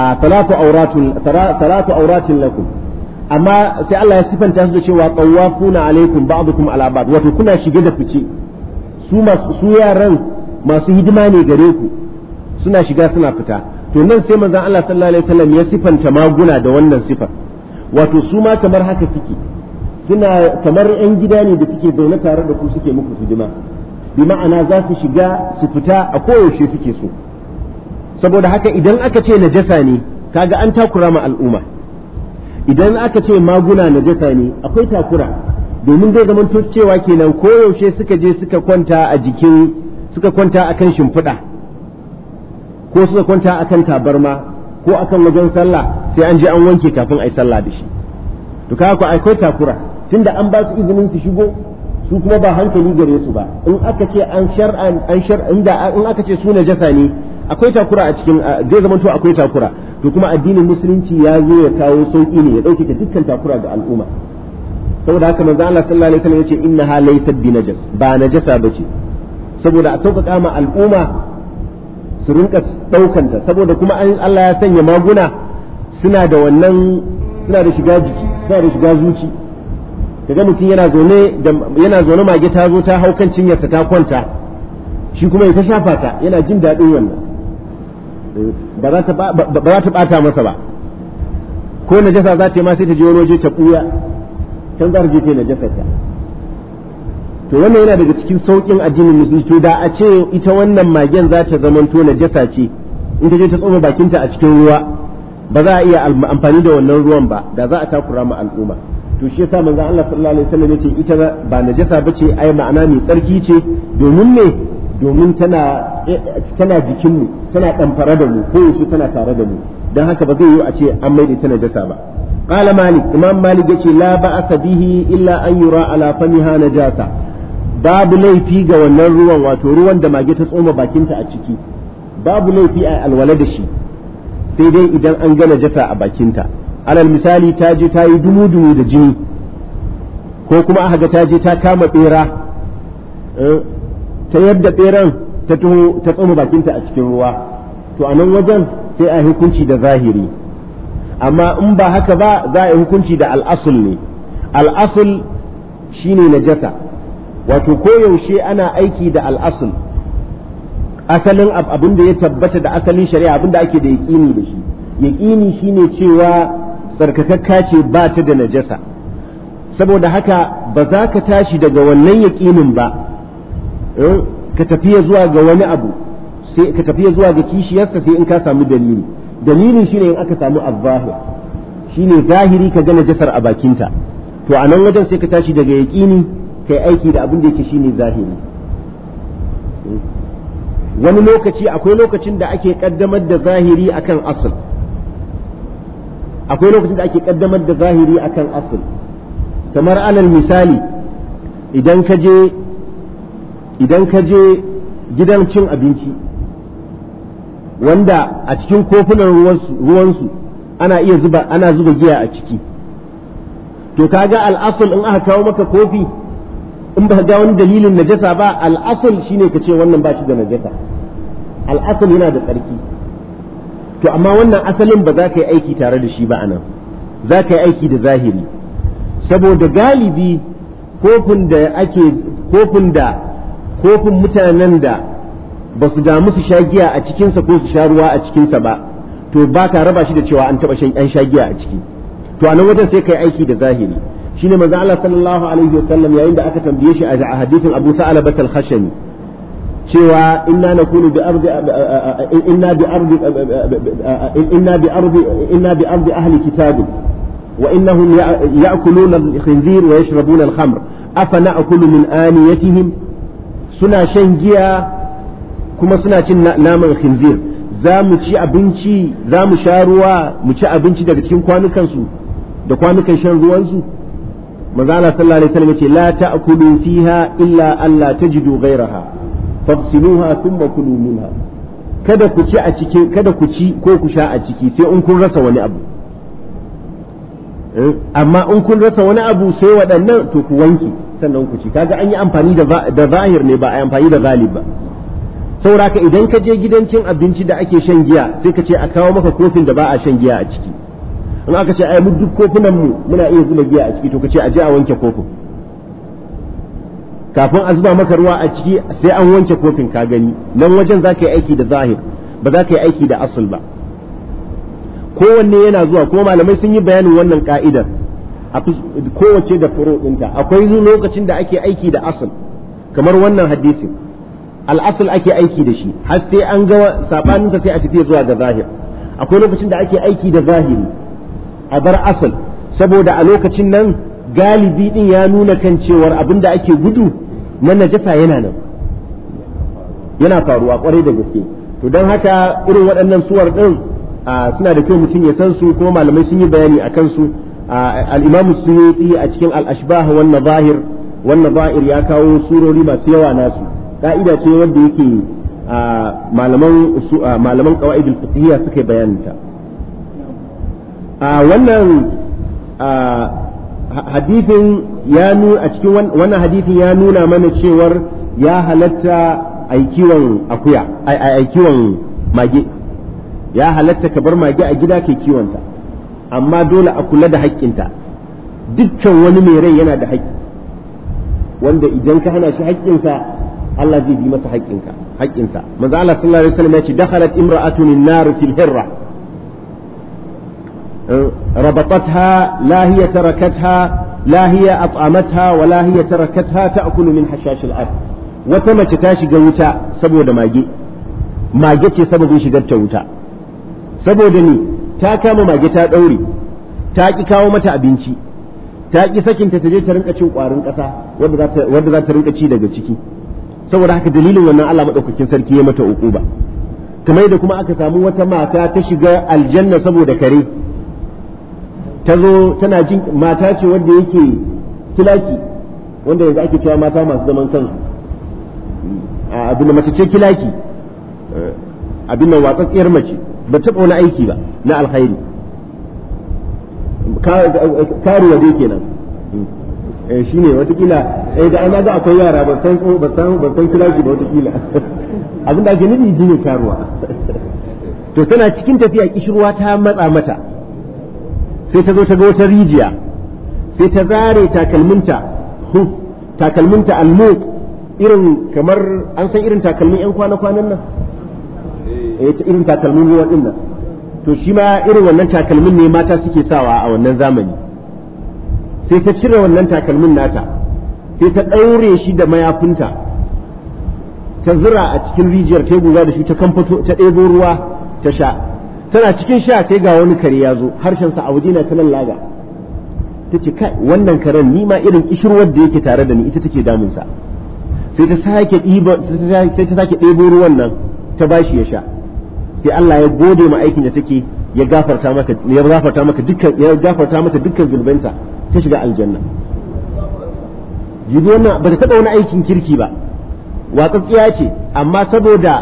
a talatu auratin lakum amma sai Allah ya sifanta su da cewa qawwafuna alaikum ba'dukum ala ba'd wato kuna shige da fice su masu su yaran masu hidima ne gare ku suna shiga suna fita to nan sai manzon Allah sallallahu alaihi wasallam ya sifanta maguna da wannan sifar wato su ma kamar haka suke suna kamar yan gida ne da suke zaune tare da ku suke muku hidima bi ma'ana za su shiga su fita a koyaushe suke so saboda haka idan aka ce najasa ne kaga an takura ma al'umma idan aka ce maguna najasa ne akwai takura domin zai zama cewa kenan koyaushe suka je suka kwanta a jikin suka kwanta akan shimfiɗa ko suka kwanta akan tabarma ko akan wajen sallah sai an je an wanke kafin ai sallah da shi to kaga ko akwai takura tunda an ba su izinin su shigo su kuma ba hankali gare su ba in aka ce an shar'a an in aka ce su jasa ne akwai takura a cikin zai zama to akwai takura to kuma addinin musulunci ya zo ya kawo sauki ne ya dauke ka dukkan takura ga al'umma saboda haka manzo Allah sallallahu alaihi wasallam yace innaha laysat bi najas ba najasa bace saboda a sauƙaƙa ma al'umma su rinka ɗaukanta saboda kuma an Allah ya sanya maguna suna da wannan suna da shiga jiki suna da shiga zuci kaga mutum yana zaune yana zaune mage ta zo ta haukan cinyarsa ta kwanta shi kuma ya ta shafa ta yana jin daɗin wannan ba za ta ɓata masa ba ko najasa za ta yi ma sai ta je wani waje ta ɓuya can za ta je ta najasa ta to wannan yana daga cikin saukin addinin musulunci to da a ce ita wannan magen za ta na jasa ce in ta je ta tsoma bakinta a cikin ruwa ba za a iya amfani da wannan ruwan ba da za a takura ma al'umma to shi yasa manzon Allah sallallahu alaihi wasallam yace ita ba najasa bace ai ma'ana mai tsarki ce domin me domin tana eh, tana jikin mu tana damfara da mu ko yaushe tana tare da mu dan haka ba zai yi a ce an maida ta najasa ba qala malik imam malik yace la ba'asa illa an yura ala famiha najasa babu laifi ga wannan ruwan wato ruwan da mage ta tsoma bakinta a ciki babu laifi a alwala da shi sai dai idan an gana jasa a bakinta alal misali ta je ta yi dumu-dumu da jini ko kuma aka ga ta je ta kama bera eh, ta yadda beran ta taho ta tsoma bakinta a cikin ruwa to a nan wajen sai a hukunci da zahiri amma in ba haka ba za a yi hukunci da al'asul ne al'asul shine najasa wato koyaushe ana aiki da al'asul asalin abin da ya tabbata da asalin shari'a abin da ake da yaƙini da shi yaƙini shine cewa tsarkakakka ce ba ta da najasa saboda haka ba za ka tashi daga wannan yaƙinin ba eh, ka tafiya zuwa ga wani abu sai ka tafiya zuwa ga kishiyarsa sai in ka samu dalili dalilin shine in aka samu azzahir shine zahiri ka ga najasar a bakinta to a nan wajen sai ka tashi daga yaƙini kai aiki da abin da yake shine zahiri wani lokaci akwai lokacin da ake kaddamar da zahiri akan asal akwai lokacin da ake kaddamar da zahiri akan kamar alal misali idan ka je idan ka je gidan cin abinci wanda a cikin kofunan ruwansu ana iya zuba ana zuba giya a ciki to kaga al'asul in aka kawo maka kofi in ba ga wani dalilin najasa ba al'asul shine ka ce wannan ba shi da najasa al'asul yana da tsarki to amma wannan asalin ba za ka yi aiki tare da shi ba anan za ka yi aiki da zahiri saboda galibi kofin da ake kofin da kofin mutanen da ba su damu su sha giya a cikinsa ko su sha ruwa a cikinsa ba to ba ka raba shi da cewa an taba shan giya a ciki to a nan wajen sai ka yi aiki da zahiri shine manzo Allah sallallahu alaihi wasallam yayin da aka tambaye shi a hadithin Abu Sa'alaba al-Khashani cewa inna nakunu bi ardi inna bi ardi inna bi ardi inna bi ardi ahli kitab wa innahum ya'kuluna al-khinzir wa yashrabuna al-khamr afa na'kulu min aniyatihim suna shan giya kuma suna cin naman khinzir za mu ci abinci za mu sha ruwa mu ci abinci daga cikin kwanukansu da kwanukan shan ruwansu manzo Allah sallallahu alaihi wasallam yace la ta'kulu fiha illa alla tajidu ghayraha fafsiluha thumma kulu minha kada ku ci a ciki kada ku ci ko ku sha a ciki sai in kun rasa wani abu eh, amma in kun rasa wani abu sai waɗannan to ku wanki sannan ku ci kaga an yi amfani da zahir ne ba a amfani da zalib ba saboda idan ka je gidan cin abinci da ake shan giya sai ka ce a kawo maka kofin da ba a shan giya a ciki in aka ce ai mu duk kofunan mu muna iya zuba giya a ciki to kace a je a wanke kofin kafin a zuba maka ruwa a ciki sai an wanke kofin ka gani nan wajen za ka yi aiki da zahir ba za ka yi aiki da asul ba kowanne yana zuwa kuma malamai sun yi bayanin wannan ka'idar a kowace da furo ɗinta akwai lokacin da ake aiki da asul kamar wannan hadisin al'asul ake aiki da shi har sai an ga saɓaninsa sai a tafi zuwa ga zahir akwai lokacin da ake aiki da zahiri a bar asal saboda a lokacin nan galibi din ya nuna kan cewar abin da ake gudu na najasa yana nan yana faruwa kwarai da gaske to don haka irin waɗannan suwar ɗin suna da kyau mutum ya san su kuma malamai sun yi bayani a kansu al-imam suyuti a cikin al-ashbah wannan zahir wannan zahir ya kawo surori masu yawa nasu ka'ida ce wanda yake malaman malaman qawaidul fiqhiyya suka bayaninta wannan hadifin ya nuna a cikin wannan hadifin ya nuna mana cewar ya halatta ai akuya ai mage ya halatta ka bar mage a gida kai kiwonta amma dole a kula da haƙƙinta dukkan wani mai rai yana da haƙƙi wanda idan ka hana shi haƙƙinsa Allah zai bi masa haƙƙinka haƙƙinsa manzo Allah sallallahu alaihi wasallam ya ce dakhalat imra'atun nar fil hirra ربطتها لا ta تركتها لا هي أطعمتها ولا هي تركتها تأكل من حشاش ta وتم تتاشي قوتا سبو دماجي ما جتي سبب شدت wuta saboda ni ta kama mage ta ɗaure ta ƙi kawo mata abinci ta ƙi sakinta ta je ta rinka cin ƙwarin ƙasa wadda za ta rinka ci daga ciki saboda haka dalilin wannan alama maɗaukakin sarki ya mata uku ba kamar da kuma aka samu wata mata ta shiga aljanna saboda kare ta zo tana jin mata ce wanda yake kilaki wanda yanzu ake cewa mata masu zaman kansu a abin da mace ce kilaki abin watsa watsatsiyar mace ba taɓa wani aiki ba na alkhairi karuwa dai kenan eh, shi ne watakila ɗaya eh, da ana ga akwai yara ba san ba kilaki ba watakila abin da ake nufi jini karuwa to tana cikin tafiya kishirwa ta matsa mata sai ta zo ta ga wata rijiya sai ta zare takalminta takalminta almuq irin kamar an san irin takalmin yan kwana-kwanan nan eh irin takalmin ruwa din nan to shi ma irin wannan takalmin ne mata suke sawa a wannan zamani sai ta cire wannan takalmin nata sai ta daure shi da mayafinta ta zura a cikin rijiyar ta guga da shi ta kamfato ta ɗebo ruwa ta sha tana cikin sha sai ga wani kare ya zo harshensa a waje na ta lallaga ta ce kai wannan karen ni ma irin kishirwar da yake tare da ni ita take damunsa sai ta sake sai ta sake ɗebo ruwan nan ta bashi ya sha sai Allah ya gode ma aikin da take ya gafarta maka ya gafarta maka dukkan ya gafarta mata dukkan zulbanta ta shiga aljanna jibi wannan ba ta taɓa wani aikin kirki ba watsattsiya ce amma saboda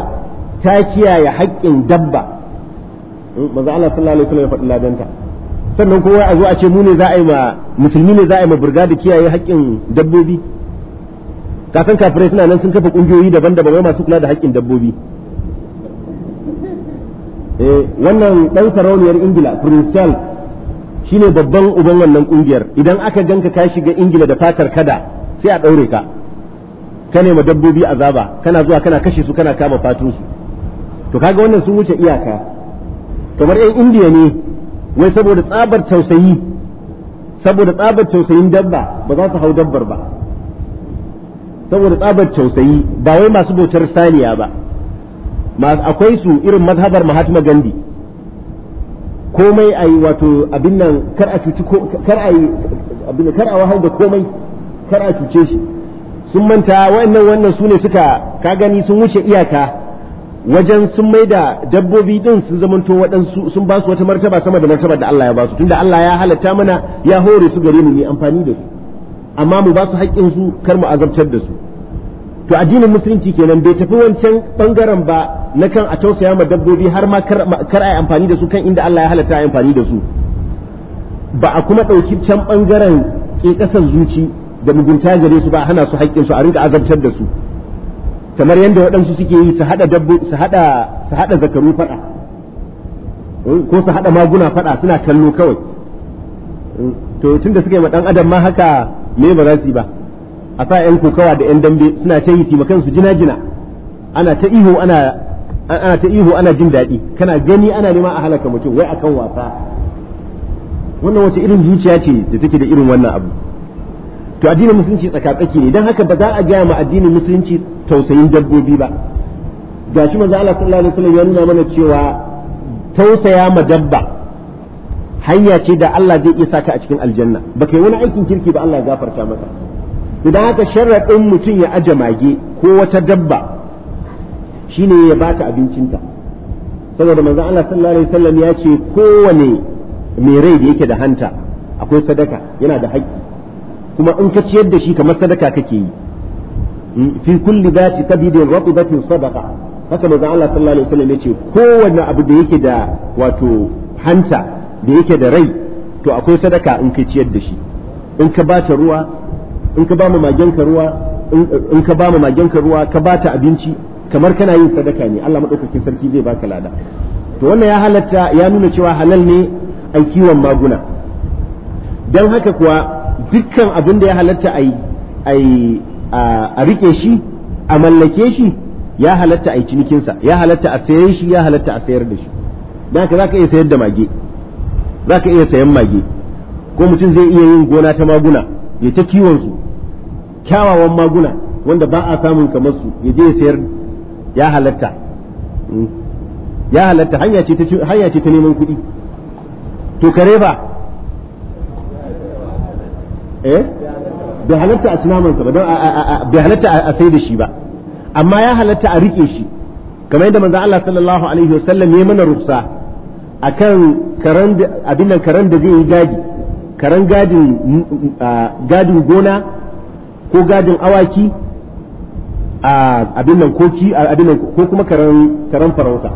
ta kiyaye haƙƙin dabba manzo Allah sallallahu alaihi wasallam ladanta sannan kowa a zo a ce mu ne za a yi ma musulmi ne za a yi ma burgadi kiyaye haƙƙin dabbobi ka san kafirai suna nan sun kafa ƙungiyoyi daban-daban wai masu kula da haƙƙin dabbobi eh, wannan dan sarauniyar ingila prince charles shine babban uban wannan ƙungiyar idan aka ganka ka shiga ingila da fatar kada sai a ɗaure ka ka nema dabbobi azaba kana zuwa kana kashe su kana kama fatunsu to kaga wannan sun wuce iyaka kamar ɗan indiya ne wai saboda tsabar tausayi saboda tsabar tausayin dabba ba za su hau dabbar ba saboda tsabar tausayi ba wai masu bautar saniya ba akwai su irin mazhabar mahatma gandhi komai a yi wato abin nan kar a cuci kar a yi abin kar a wahal da komai kar a cuce shi sun manta wannan wannan su ne suka ka gani sun wuce iyaka wajen sun mai da dabbobi din sun zamanto waɗansu sun ba su wata martaba sama da martabar da Allah ya ba su tunda Allah ya halatta mana ya hore su gare mu ne amfani da su amma mu ba su haƙƙin su kar mu azabtar da su to addinin musulunci kenan bai tafi wancan bangaren ba na kan a tausaya ma dabbobi har ma kar ai amfani da su kan inda Allah ya halatta ai amfani da su ba a kuma ɗauki can bangaren ƙiƙasar zuci da mugunta gare su ba a hana su haƙƙin su a rinka azabtar da su kamar yadda waɗansu suke yi su haɗa dabbo su haɗa su haɗa zakaru faɗa eh, ko su haɗa maguna faɗa suna kallo kawai eh, to tunda suka yi wa ɗan adam ma haka me ba za su yi ba a sa ƴan kokawa da ƴan dambe suna ta yi taimakon su jina jina ana ta ihu ana ana ta ihu ana jin daɗi kana gani ana nema a halaka mutum wai akan wasa wannan wace irin zuciya ce da take da irin wannan abu to addinin musulunci tsakatsaki ne dan haka ba za a gaya ma addinin musulunci tausayin dabbobi ba shi manzo Allah sallallahu alaihi wasallam ya nuna mana cewa tausaya ma dabba hanya ce da Allah zai iya saka a cikin aljanna ba kai wani aikin kirki ba Allah ya gafarta maka idan haka sharaɗin mutum ya aje mage ko wata dabba shine ya ta abincinta saboda manzo Allah sallallahu alaihi wasallam ya ce kowane mai rai da yake da hanta akwai sadaka yana da haƙƙi kuma in ka ciyar da shi kamar sadaka kake yi hmm? fi kulli dati kabidin rabibatin sadaka haka manzo Allah sallallahu alaihi wasallam yace kowanne abu da yake da wato hanta da yake da rai to akwai sadaka in ka ciyar da shi in ka ba ta ruwa in ka ba mu magenka ruwa in ka ba mu magenka ruwa ka ba ta abinci kamar kana yin sadaka ne Allah madaukakin sarki zai baka lada to wannan ya halatta ya nuna cewa halal ne an kiwon maguna dan haka kuwa dukkan abin da ya halatta a rike shi a mallake shi ya halatta a yi cinikinsa ya halatta a sayar shi ya halatta a sayar da shi don haka za ka iya sayar da mage za ka iya sayan mage ko mutum zai iya yin gona ta maguna ya ta kiwonsu kyawawan maguna wanda ba a samun kamar su ya je ya sayar ya halatta hmm. ya halatta hanya ce ta neman kuɗi to kare ba eh bai halatta a tunamansa ba don bai halatta a sai da shi ba amma ya halatta a rike shi kamar yadda manzo Allah sallallahu alaihi wasallam ya mana ruksa akan karan abin nan karan da zai yi gadi karan gadin gadin gona ko gadin awaki abin nan koki abin nan ko kuma karan karan farauta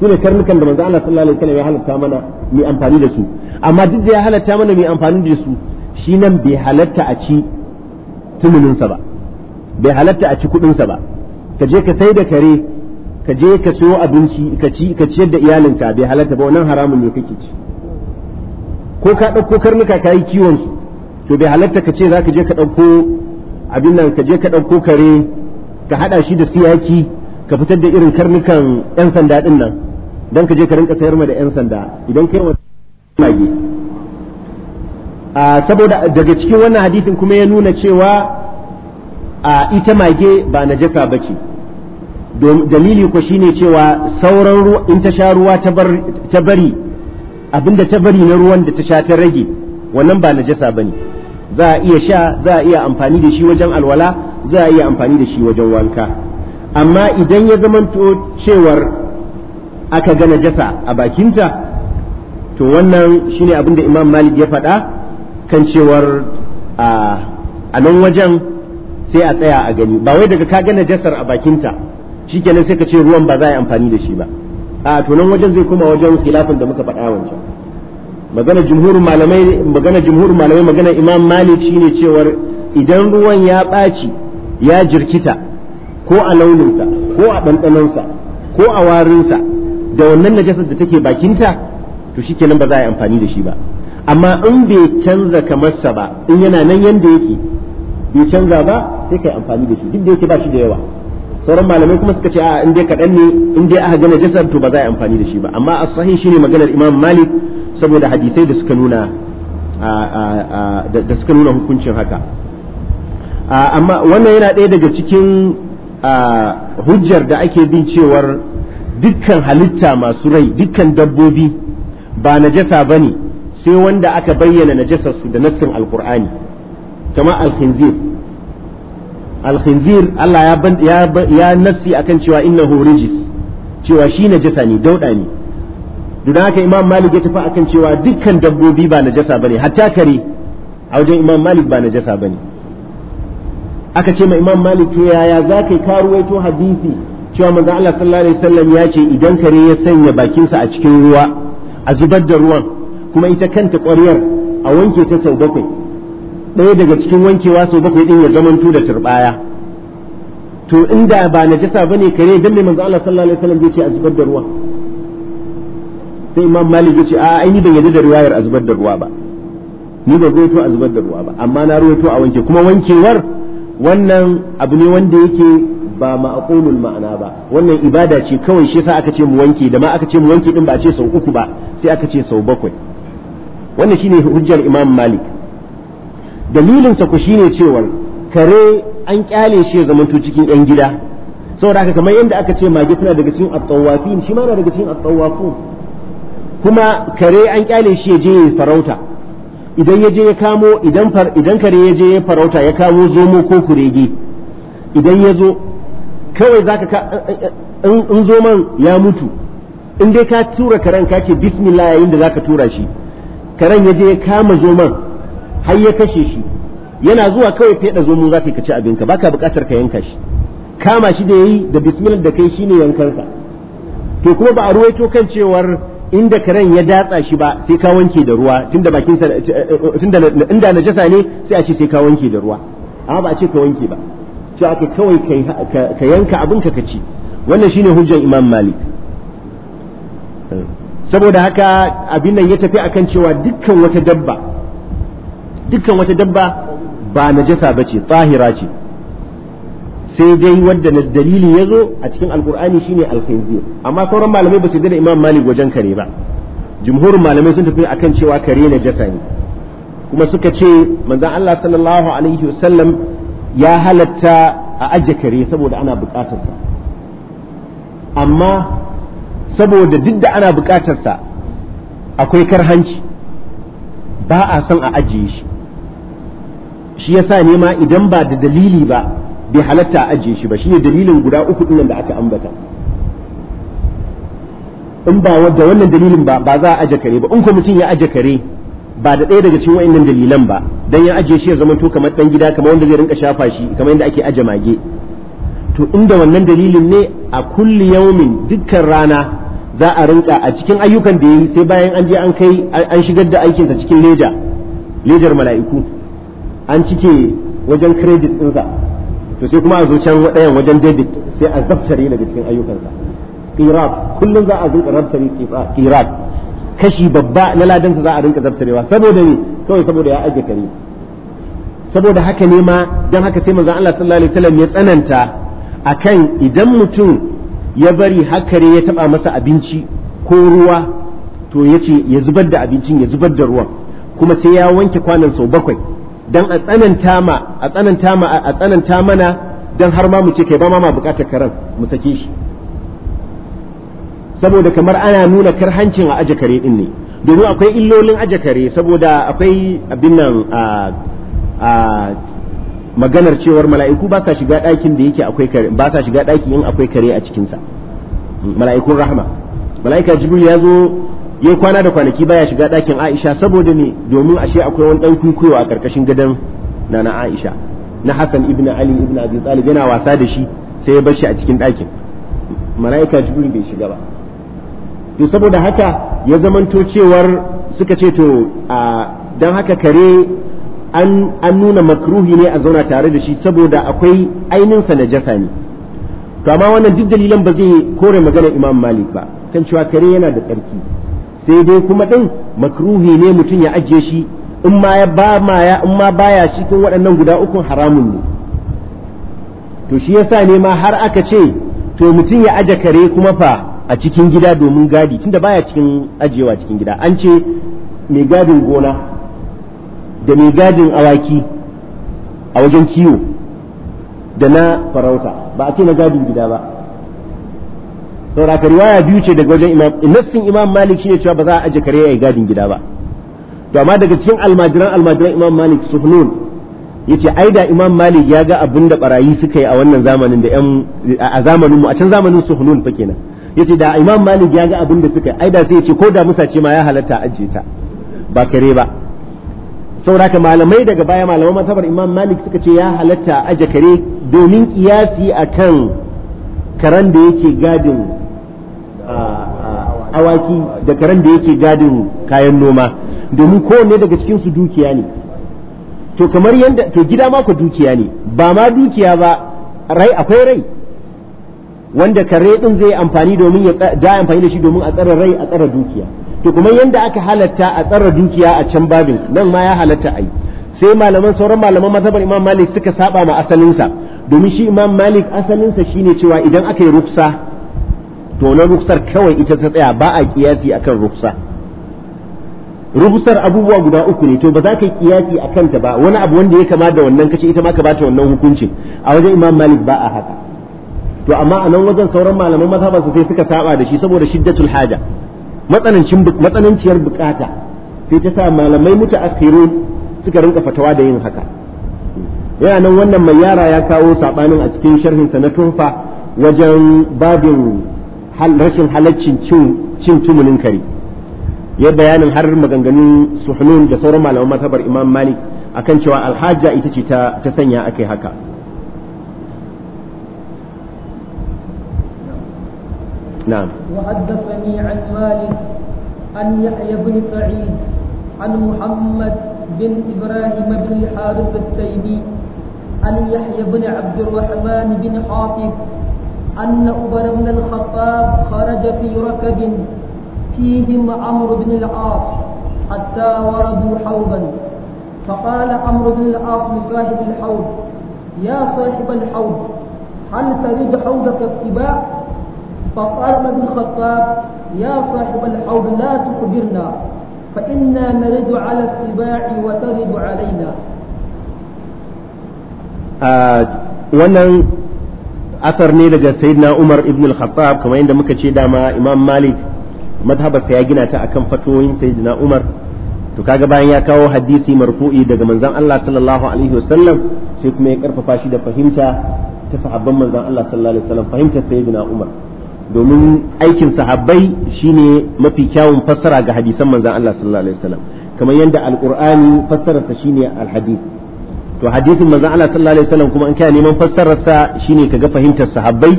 su ne karnukan da manzo Allah sallallahu alaihi wasallam ya halatta mana mai amfani da su amma duk da ya halatta mana mai amfani da su shi nan bai halatta a ci tumulinsa ba bai halatta a ci kuɗinsa ba ka je ka sai da kare ka je ka siyo abinci ka ci ka ciyar da iyalinka bai halatta ba wannan haramun ne kake ci ko ka ɗauko karnuka ka yi kiwon su to bai halatta ka ce za ka je ka ɗauko abin nan ka je ka ɗauko kare ka haɗa shi da siyaki ka fitar da irin karnukan 'yan sanda ɗin nan don ka je ka rinka sayar ma da 'yan sanda idan kai wata mage saboda daga cikin wannan hadisin kuma ya nuna cewa a ita mage ba najasa ba ce dalili ko ne cewa sauran ruwa in ta sha ruwa ta bari abinda ta bari na ruwan da ta sha ta rage wannan ba najasa bane za a iya sha za a iya amfani da shi wajen alwala za a iya amfani da shi wajen wanka amma idan ya zamanto cewar aka ga najasa a bakinta to wannan shine abinda imam malik ya faɗa kan cewar a nan wajen sai a tsaya a gani ba wai daga ka gane najasar a bakinta shikenan sai ka ce ruwan ba za a yi amfani da shi ba a to nan wajen zai koma wajen khilafin da muka faɗa wancan magana jumhurin malamai magana jumhurin malamai magana imam malik shine cewar idan ruwan ya ɓaci ya jirkita ko a launinsa ko a ɗanɗanonsa ko a warinsa da wannan najasar da take bakinta to shikenan ba za a yi amfani da shi ba amma in bai canza kamarsa ba in yana nan yanda yake bai canza ba sai kai amfani da shi duk da yake ba shi da yawa sauran malamai kuma suka ce a in dai kaɗan ne in dai aka gane jasar to ba za a yi amfani da shi ba amma as sahih shine maganar imam malik saboda hadisai da suka nuna da suka nuna hukuncin haka amma wannan yana ɗaya daga cikin hujjar da ake bin cewar dukkan halitta masu rai dukkan dabbobi ba najasa bane sai wanda aka bayyana najasarsu da nassin alkur'ani kama alkhinzir alkhinzir Allah ya ya nassi akan cewa innahu rijis cewa shi najasa ne dauda ne don haka imam malik ya tafi akan cewa dukkan dabbobi ba najasa bane hatta kare a wajen imam malik ba najasa bane aka ce ma imam malik to yaya za ka karuwaito hadisi cewa manzo Allah sallallahu alaihi wasallam ya ce idan kare ya sanya bakinsa a cikin ruwa a zubar da ruwan kuma ita kanta ƙwaryar a wanke ta sau bakwai ɗaya daga cikin wankewa sau bakwai ɗin ya zamanto da turɓaya to inda ba najasa ne kare don mai manzo Allah sallallahu alaihi wasallam yace a zubar da ruwa sai imam malik yace a ai ni ban yadda da riwayar a zubar da ruwa ba ni ba ruwaito a zubar da ruwa ba amma na ruwaito a wanke kuma wankewar wannan abu ne wanda yake ba ma'aqulul ma'ana ba wannan ibada ce kawai shi yasa aka ce mu wanke da ma aka ce mu wanke din ba a ce sau uku ba sai aka ce sau bakwai wannan shine hujjar imam malik dalilinsa ku shine cewar kare an kyale shi ya zamanto cikin yan gida saboda haka kamar yadda aka ce mage tana daga cikin at-tawafin shi ma na daga cikin at-tawafun kuma kare an kyale shi ya je ya farauta idan ya je ya kamo idan far idan kare ya je ya farauta ya kamo zomo ko kurege idan ya zo kawai zaka ka in zoman ya mutu in dai ka tura karen ka ce bismillah yayin da zaka tura shi karen ya je ya kama zoman har ya kashe shi yana zuwa kawai feɗa zomo za ka ci abinka ba ka buƙatar ka yanka shi kama shi da yayi da bismillah da kai shine yankansa to kuma ba a ruwaito kan cewar inda karen ya datsa shi ba sai ka wanke da ruwa tunda bakin sa tunda inda jasa ne sai a ce sai ka wanke da ruwa amma ba a ce ka wanke ba ce aka kawai ka yanka abinka ka ci wannan shine hujjar imam malik saboda haka abin nan ya tafi akan cewa dukkan wata dabba dukkan wata dabba ba najasa bace tsahira ce sai dai wanda na dalili ya zo a cikin alkur'ani shine alkhinzir amma sauran malamai ba su da imam malik wajen kare ba jumhurin malamai sun tafi akan cewa kare na jasa ne kuma suka ce manzon Allah sallallahu alaihi wasallam ya halatta a aje kare saboda ana bukatarsa amma saboda duk da ana sa akwai karhanci ba a son a ajiye shi shi yasa ne ma idan ba da dalili ba bai halatta a ajiye shi ba shi ne dalilin guda uku ɗin da aka ambata in ba da wannan dalilin ba ba za a aje kare ba in ko mutum ya aje kare ba da ɗaya daga cikin wa'annan dalilan ba dan ya ajiye shi ya zama to kamar dan gida kamar wanda zai rinka shafa shi kamar yadda ake aje mage to inda wannan dalilin ne a kulli yaumin dukkan rana za a rinka a cikin ayyukan da yi sai bayan an je an kai an shigar da aikinsa cikin leja lejar mala'iku an cike wajen credit ɗinsa to sai kuma a zo can ɗayan wajen debit sai a zaftare daga cikin ayyukansa qirab kullum za a rinka zaftare qirab kashi babba na ladansa za a rinka zaftarewa saboda ne kawai saboda ya ajiye kare saboda haka ne ma dan haka sai manzon Allah sallallahu alaihi wasallam ya tsananta akan idan mutum ya bari hakare ya taba masa abinci ko ruwa to ya ya zubar da abincin ya zubar da ruwan kuma sai ya wanke kwanan sau bakwai dan a tsananta ma a tsananta ma a tsananta mana dan har ma mu ce kai ba ma ma bukatar karan mu sake shi saboda kamar ana nuna karhancin a aje kare din ne domin akwai illolin aje kare saboda akwai abin nan a maganar cewar mala'iku ba sa shiga ɗakin da yake akwai kare ba sa shiga ɗakin in akwai kare a cikinsa mm, mala'ikun Rahma. mala'ika jibril ya zo ya kwana da kwanaki baya shiga ɗakin aisha saboda ne domin ashe akwai wani ɗan kwaikwayo a ƙarƙashin gadon nana aisha na hasan ibn ali ibn abi talib yana wasa da shi sai ya bar shi a cikin ɗakin mm, mala'ika jibril bai shiga ba to saboda haka ya zamanto cewar suka ce to a dan haka kare an nuna makruhi ne a zauna tare da shi saboda akwai ainihinsa najasa ne to amma wannan duk dalilan ba zai kore magana imam malik ba kan cewa kare yana da tsarki sai dai kuma din makruhi ne mutum ya ajiye shi in ma ya ba ma ya in ma baya cikin waɗannan guda ukun haramun ne to shi yasa ne ma har aka ce to mutum ya aje kare kuma fa a cikin gida domin gadi tunda baya cikin ajiyewa cikin gida an ce mai gadin gona da mai gadin awaki a wajen kiwo da na farauta ba a ce na gadin gida ba sauraka riwaya biyu ce daga wajen imam nassin imam malik shine cewa ba za a aje kare ya yi gadin gida ba to amma daga cikin almajiran almajiran imam malik suhnun yace ai da imam malik ya ga abin da barayi suka yi a wannan zamanin da yan a zamanin mu a can zamanin suhnun fa kenan yace da imam malik ya ga abin da suka yi ai da sai ce ko da musa ce ma ya halatta aje ta ba kare ba saboda ka malamai daga baya malaman masabar imam malik suka ce ya halatta a aje kare domin kiyasi akan karen da yake gadin awaki da karen da yake gadin kayan noma domin kowanne daga cikin su dukiya ne to kamar yadda to gida ma ku dukiya ne ba ma dukiya ba rai akwai rai wanda kare din zai amfani domin ya amfani da shi domin a tsare rai a tsare dukiya to kuma yanda aka halatta a tsara dukiya a can babin nan ma ya halatta ai sai malaman sauran malaman mazhabar imam malik suka saba ma asalinsa domin shi imam malik asalinsa shine cewa idan aka yi ruksa to na ruksar kawai ita ta tsaya ba a kiyasi akan ruksa Ruksar abubuwa guda uku ne to ba za ka yi kiyasi a kanta ba wani abu wanda ya kama da wannan kace ita ma ka bata wannan hukuncin a wajen imam malik ba a haka to amma a nan wajen sauran malaman su sai suka saba da shi saboda shiddatul haja matsanancin matsananciyar bukata sai ta sa malamai mutaakhirun suka rinka fatawa da yin haka yana nan wannan mai yara ya kawo sabanin a cikin sharhin sa na tunfa wajen babin rashin halaccin cin tumunin kare ya bayanin har maganganun suhunun da sauran malaman matabar imam malik akan cewa alhaja ita ce ta sanya akai haka نعم
وحدثني عن مالك عن يحيى بن سعيد عن محمد بن إبراهيم بن الحارث التيمي عن يحيى بن عبد الرحمن بن حاطب أن عمر بن الخطاب خرج في ركب فيهم عمرو بن العاص حتى وردوا حوضا فقال عمرو بن العاص لصاحب الحوض يا صاحب الحوض هل تريد حوضك اتباع فقال ابن الخطاب يا صاحب الحوض لا تخبرنا فإنا نرد على السباع وترد علينا
wannan asar ne daga sayyidina Umar ibn al-Khattab kamar yadda muka ce dama Imam Malik madhabarsa ya gina ta akan fatoyin sayyidina Umar to kaga bayan ya kawo hadisi marfu'i daga manzon Allah sallallahu alaihi wasallam sai kuma ya karfafa shi da fahimta ta sahabban manzon Allah sallallahu alaihi wasallam sayyidina Umar domin aikin sahabbai shine mafi kyawun fassara ga hadisan manzan Allah sallallahu alaihi wasallam kamar yadda alqur'ani fassararsa shine alhadith to hadisin manzan Allah sallallahu alaihi wasallam kuma in kai neman fassararsa shine kaga fahimtar sahabbai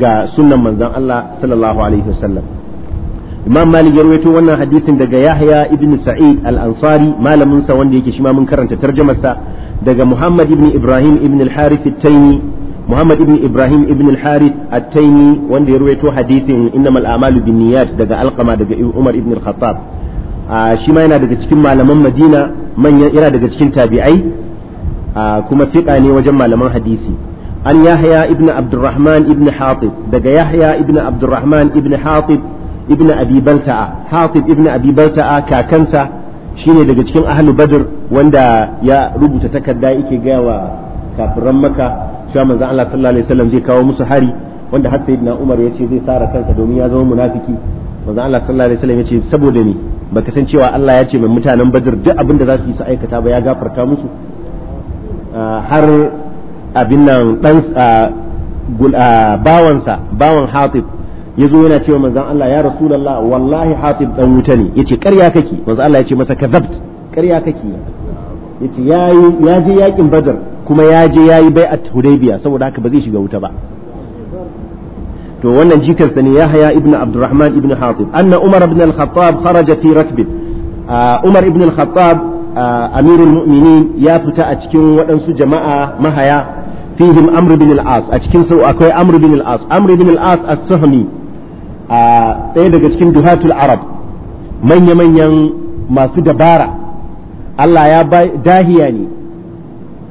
ga sunnan manzan Allah sallallahu alaihi wasallam imam malik ya rawaito wannan hadisin daga yahya ibn sa'id al-ansari malamin sa wanda yake shi ma mun karanta tarjumarsa daga muhammad ibn ibrahim ibn al-harith at-taymi Muhammad ibn Ibrahim ibn al-Harith at wanda ya ruwaito hadisin innamal a'malu binniyat daga alqama daga Umar ibn al ah, shi yana daga cikin malaman Madina manyan yana daga cikin tabi'ai ah, kuma fiqa ne wajen malaman hadisi an Yahya ibn Abdurrahman ibn Hatib daga Yahya ibn Abdurrahman ibn Hatib ibn Abi Balta'a Hatib ibn Abi Balta'a kakansa shine daga cikin ahlu Badr wanda ya rubuta takarda yake gaya wa kafiran Makka cewa manzo Allah sallallahu alaihi wasallam zai kawo musu hari wanda har sayyidina Umar ya ce zai sara kansa domin ya zama munafiki manzo Allah sallallahu alaihi wasallam ya ce saboda ni baka san cewa Allah ya ce mai mutanen Badr duk abin da za su yi su aikata ba ya gafarta musu ah, har abin nan dan ah, ah, bawansa bawan Hatib ya zo yana cewa manzon Allah ya Rasulullah wallahi Hatib dan wuta ne ya yace ƙarya kake manzon Allah ya ce masa kazabt ƙarya kake yace yayi ya je yakin badar. kuma ya je ya yi bai'at hudaybiya saboda haka ba zai shiga wuta ba to wannan jikarsa ne haya ibn abdurrahman ibn hatib anna umar ibn al-khattab kharaja fi ah, umar ibn al-khattab ah, amirul mu'minin ya fita a cikin waɗansu jama'a mahaya fihim amr ibn al-as a cikin sau akwai amr ibn al-as amr ibn al-as as-sahmi ah, ɗaya daga cikin duhatul arab manya-manyan masu dabara Allah ya dahiya ne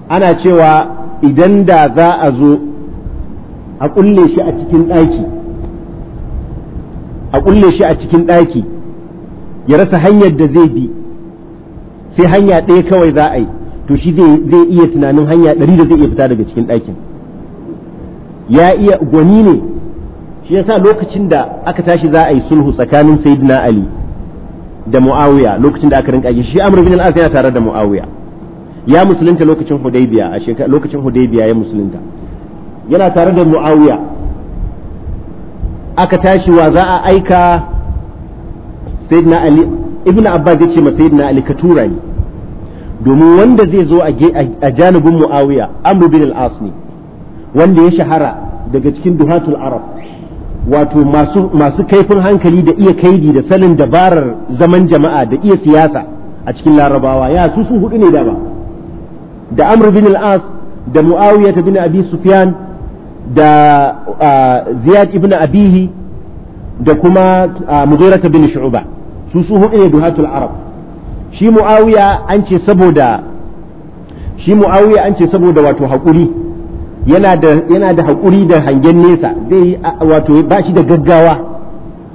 ana cewa idan da za a zo a kulle shi a cikin ɗaki a kulle shi a cikin ɗaki ya rasa hanyar da zai bi sai hanya ɗaya kawai za a yi to shi zai iya tunanin hanya ɗari da zai iya fita daga cikin ɗakin ya iya gwani ne shi yasa lokacin da aka tashi za a yi sulhu tsakanin sayyidina ali da muawiya lokacin da aka rinka shi amr bin al-as yana tare da muawiya ya musulunta lokacin hudaybiya a shekara lokacin hudaybiya ya musulunta yana tare da muawiya aka tashi wa za a aika sayyidina ali ibn abbas yace ma sayyidina ali ka tura ni domin wanda zai zo a janibin muawiya amr bin al-as wanda ya shahara daga cikin duhatul arab wato masu masu kaifin hankali da iya kaidi da sanin dabarar zaman jama'a da iya siyasa a cikin larabawa ya su su hudu ne da ba da amr bin al-as da muawiya bin abi sufyan da uh, ziyad ibn abihi da kuma ta uh, bin shu'ba su su hudu ne duhatul arab shi muawiya an ce saboda shi muawiya an ce saboda wato hakuri yana da yana da hakuri da hangen nesa zai uh, wato ba shi da gaggawa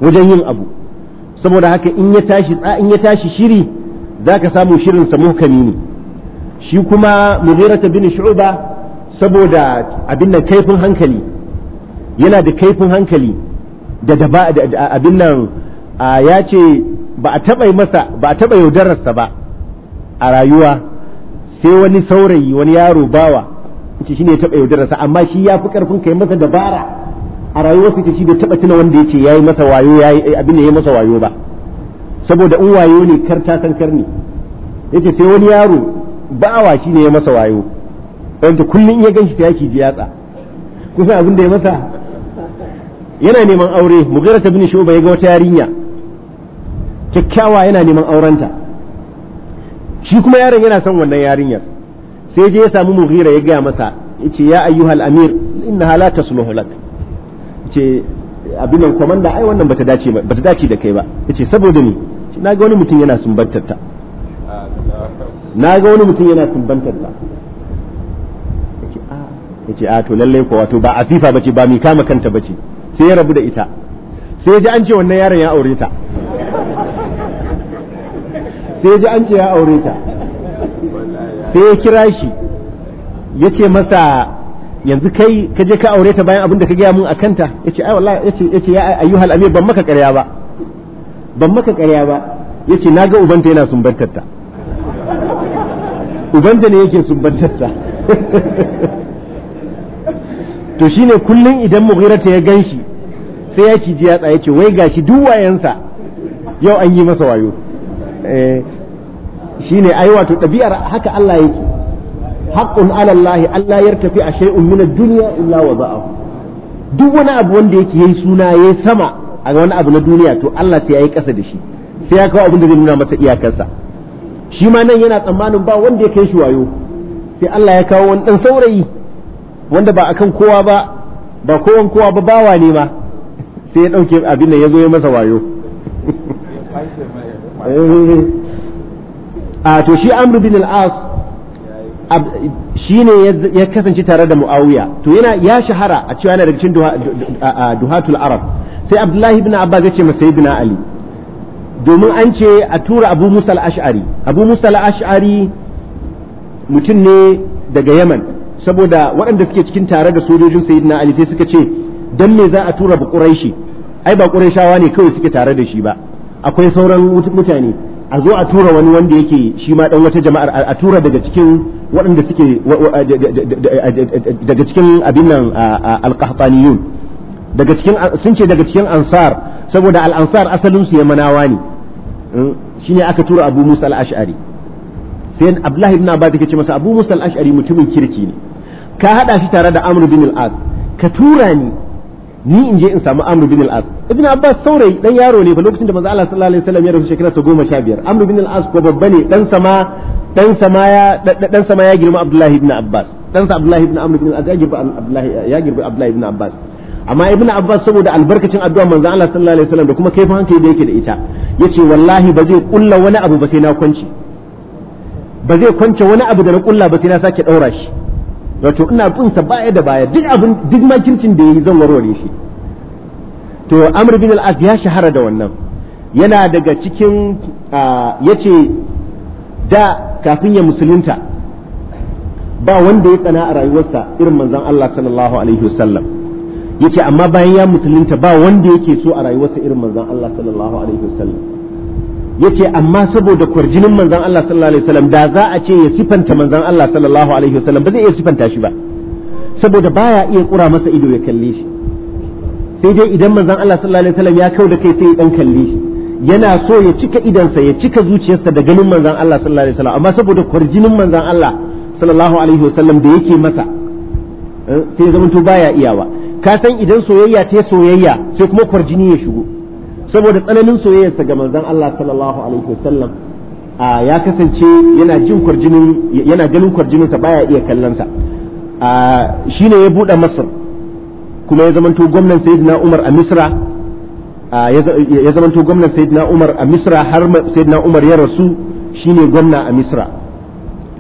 wajen yin abu saboda haka in ya tashi in ya tashi shiri zaka samu shirin sa muhkami ne shi kuma mughirata bin shu'ba saboda abin nan kaifin hankali yana da kaifin hankali da da abin nan ya ce ba a taɓa masa ba a taɓa yaudararsa ba a rayuwa sai wani saurayi wani yaro bawa ce shi ne ya taɓa yaudararsa amma shi ya fi ƙarfin kai masa dabara a rayuwa rayuwarsa ta shi bai taɓa tuna wanda ya ce ya yi masa wayo ya eh, abin da ya yi masa wayo ba saboda in wayo ne kar ta kankar ne ce sai wani yaro bawa ne ya masa wayo wanda kullum ya shi ta yaki ji yatsa kusa abin da ya masa yana neman aure mugira ta bin shuba ya ga wata yarinya kyakkyawa yana neman aurenta shi kuma yaron yana son wannan yarinyar sai je ya samu mugira ya gaya masa yace ya ayyuhal amir innaha la tasluhu lak yace abin komanda ai wannan bata dace bata da kai ba yace saboda ni na ga wani mutum yana sumbantar ta na ga wani mutum yana sumbantar ta yace a ah. ah, to lalle ko wato ba afifa bace ba mi kama kanta bace sai ya rabu da ita sai ya ji an ce wannan yaron ya aure ta sai ya ji an ce ya aure ta
sai ya kira shi
ya ce masa yanzu kai ka je ka aure ta bayan abin da ka gaya mun a kanta ya ce ai wallahi ya ce ya ce ya ayyuhal amir ban maka ƙarya ba ban maka ƙarya ba ya ce na ga ubanta yana sumbantar ta ubanta ne yake sumbantarta to shine kullum idan ta ya gan shi sai ya ciji ya ya ce wai gashi duk wayansa yau an yi masa wayo eh, shine ai wato ɗabi'ar haka Allah yake haqqun ala Allah Allah yartafi a shay'un min ad-dunya illa za'ahu duk wani abu wanda yake yayi suna yayi sama a wani abu na duniya to Allah sai yayi kasa da shi sai ya kawo abin da zai nuna masa iyakarsa shi ma nan yana tsammanin ba wanda ya kai shi wayo sai Allah ya kawo wani dan saurayi wanda ba akan kowa ba ba kowan kowa ba bawa ne ma sai ya dauke abin nan ya zo ya masa wayo [LAUGHS] a to shi amru bin al-as shi ya kasance tare da muawiya to yana ya shahara a cewa yana daga cikin duhatul arab sai abdullahi ibn abbas ya ce masa sayyidina ali domin an ce a tura abu musal ash'ari abu musal ash'ari mutum ne daga yaman saboda waɗanda suke cikin tare da sojojin sayyidina ali sai suka ce dan me za a tura ba quraishi ai ba quraishawa ne kawai suke tare da shi ba akwai sauran mutane a zo a tura wani wanda yake shi ma dan wata jama'ar a tura daga cikin waɗanda suke daga cikin abin nan daga sun ce daga cikin ansar saboda al'ansar asalin su yamanawa ne hmm? shine aka tura abu musa al-ash'ari sai abdullahi ibn abbas ke ce masa abu musa al-ash'ari mutumin kirki ne ka haɗa shi tare da amr bin al-as ka tura ni ni in je in samu amr bin al-as ibn abbas saurayi dan yaro ne fa lokacin da manzo Allah sallallahu alaihi wasallam ya rasu shekara ta biyar. amr bin al-as ko babba ne dan sama dan sama ya dan sama ya girma abdullahi ibn abbas dan sa abdullahi ibn amr bin al ya girma abdullahi ya girma abdullahi ibn abbas amma ibn abbas saboda albarkacin addu'a manzo Allah sallallahu alaihi wasallam da kuma kaifin hankali da yake da ita yace wallahi ba zai kulla wani abu ba sai na kwanci ba zai kwance wani abu da na kulla ba sai na sake daura shi wato ina kunsa baya da baya duk abin duk makircin da yayi zan warware shi to amr bin al-as ya shahara da wannan yana daga cikin yace da kafin ya musulunta ba wanda ya tsana a rayuwarsa irin manzon Allah sallallahu alaihi wasallam yace amma bayan ya musulunta ba wanda yake so a rayuwarsa irin manzon Allah sallallahu alaihi wasallam yace amma saboda kwarjinin manzon Allah sallallahu alaihi wasallam da za a ce ya sifanta manzon Allah sallallahu alaihi wasallam ba zai iya sifanta shi ba saboda baya iya kura masa ido ya kalle shi sai dai idan manzon Allah sallallahu alaihi wasallam ya kau da kai sai ya dan kalle shi yana so ya cika idansa ya cika zuciyarsa da ganin manzon Allah sallallahu alaihi wasallam amma saboda kwarjinin manzon Allah sallallahu alaihi wasallam da yake masa eh, sai ya zamanto baya iyawa ka san idan soyayya ce soyayya sai kuma kwarjini ya shigo saboda tsananin soyayyarsa ga manzon Allah sallallahu alaihi wasallam ya kasance yana jin kwarjinin yana ganin kwarjinin sa baya iya kallon sa shine ya bude Masar kuma ya zamanto gwamnan Sayyidina Umar a Misra ya zamanto gwamnan Sayyidina Umar a Misra har Sayyidina Umar ya rasu shine gwamna a Misra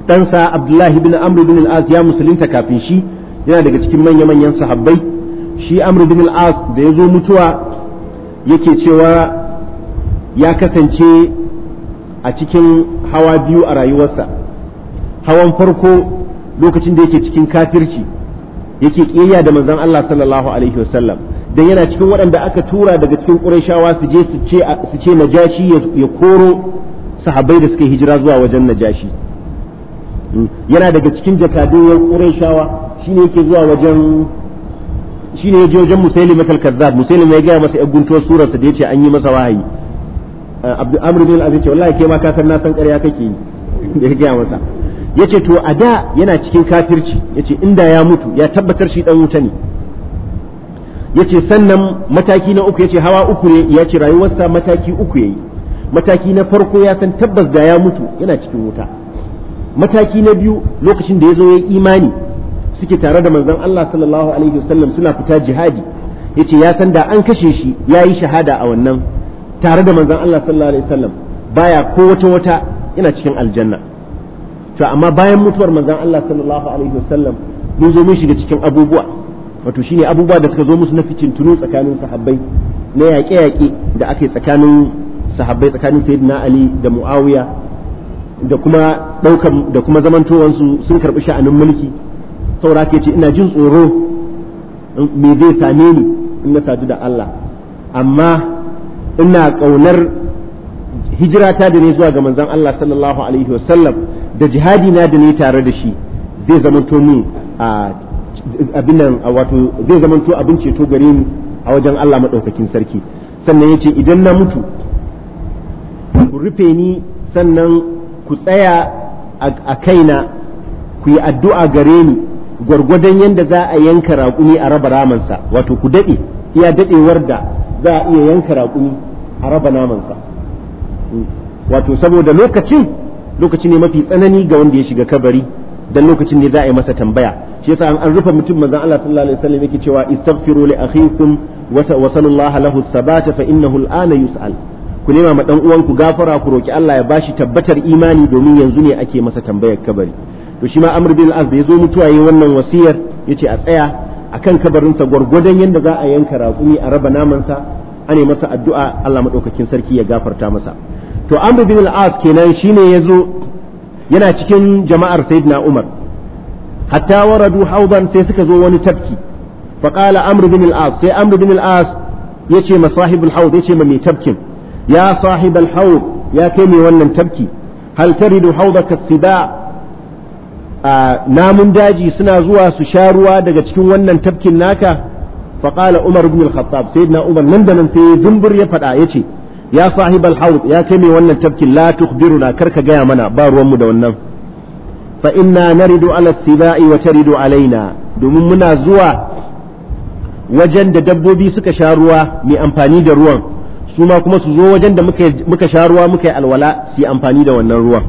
ɗansa Abdullahi bin Amr bin al-As ya musulunta kafin shi yana daga cikin manya-manyan sahabbai shi amr bin al-as da ya zo mutuwa yake cewa ya kasance a cikin hawa biyu a rayuwarsa hawan farko lokacin da yake cikin kafirci yake kiyayya da manzon Allah sallallahu alaihi wasallam dan yana cikin waɗanda aka tura daga cikin Qurayshawa su je su ce su ce Najashi ya koro sahabbai da suka hijira zuwa wajen Najashi mm. yana daga cikin jakadun Qurayshawa shine yake zuwa wajen shine ya je wajen Musailim al-kazzab Musailim ya gaya masa yaguntuwar surar sa da yace an yi masa wahayi eh, abdu amr bin al-aziz wallahi kai ma ka san na san ƙarya kake yi [LAUGHS] da ya gaya masa yace to a da yana cikin kafirci yace inda ya mutu ya tabbatar shi dan wuta ne yace sannan mataki na uku yace hawa uku ne yace rayuwarsa mataki uku yayi mataki na farko ya san tabbas da ya mutu yana cikin wuta mataki na biyu lokacin da ya zo ya imani suke tare da manzon Allah sallallahu alaihi wasallam suna fita jihadi yace ya san da an kashe shi ya yi shahada a wannan tare da manzon Allah sallallahu alaihi wasallam baya ko wata wata yana cikin aljanna to amma bayan mutuwar manzon Allah sallallahu alaihi wasallam mun zo mun shiga cikin abubuwa wato shine abubuwa da suka zo musu na ficin tunu tsakanin sahabbai na yaƙe-yaƙe da aka yi tsakanin sahabbai tsakanin sayyidina Ali da Muawiya da kuma ɗaukan da kuma zamantowansu sun karɓi sha'anin mulki saura ke ce ina jin tsoro me zai same ni in na sadu da Allah amma ina ƙaunar hijirata da ne zuwa ga manzon Allah sallallahu alaihi wasallam da jihadi na da ne tare da shi zai zamanto min a abin nan wato zai zamanto abin ceto gare ni a wajen Allah madaukakin sarki sannan yace idan na mutu ku rufe ni sannan ku tsaya a kaina ku yi addu'a gare ni gwargwadon yadda za a yanka raƙumi a raba ramansa wato ku daɗe iya daɗewar da za a iya yanka raƙumi a raba namansa wato saboda lokacin lokaci ne mafi tsanani ga wanda ya shiga kabari dan lokacin ne za a yi masa tambaya shi yasa an rufe mutum manzon Allah sallallahu alaihi wasallam yake cewa istaghfiru li akhikum wa sallallahu lahu sabata fa innahu al'ana yus'al ku nema ma dan uwanku gafara ku roki Allah ya bashi tabbatar imani domin yanzu ne ake masa tambayar kabari to shi ma amr bin al-as da yazo mutuwa yayin wannan wasiyar yace a tsaya akan kabarinsa gwargwadon yadda za a yanka raƙumi a raba namansa a ne masa addu'a Allah maɗaukakin sarki ya gafarta masa to amr bin al-as kenan shine yazo yana cikin jama'ar sayyidina umar hatta waradu hauban sai suka zo wani tafki fa qala amr bin al-as sai amr bin al-as yace ma sahibul haud yace ma mai tafkin ya sahibul haud ya kai mai wannan tafki hal taridu haudaka siba namun daji suna zuwa su sha ruwa daga cikin wannan tafkin naka فقال umar nan da nan sai zumbur ya fada ya ce ya يا صاحب ya kai me wannan tafkin la tukhbiruna karka gaya mana ba ruwan mu da wannan fa inna naridu ala sibai wa taridu alaina domin muna zuwa wajen da dabbobi suka sha ruwa mai amfani da ruwan su ma kuma su zo wajen da muka sha ruwa muka yi alwala su yi amfani da wannan ruwan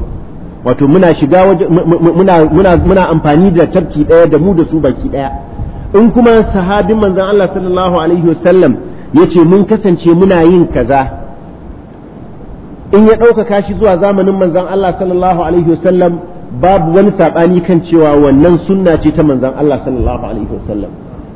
wato muna shiga waje muna muna muna amfani da tafki daya da mu da su baki daya in kuma sahabin manzon Allah sallallahu alaihi wasallam yace mun kasance muna yin kaza in ya ɗaukaka shi zuwa zamanin manzon Allah sallallahu alaihi wasallam babu wani sabani kan cewa wannan sunna ce ta manzon Allah sallallahu alaihi wasallam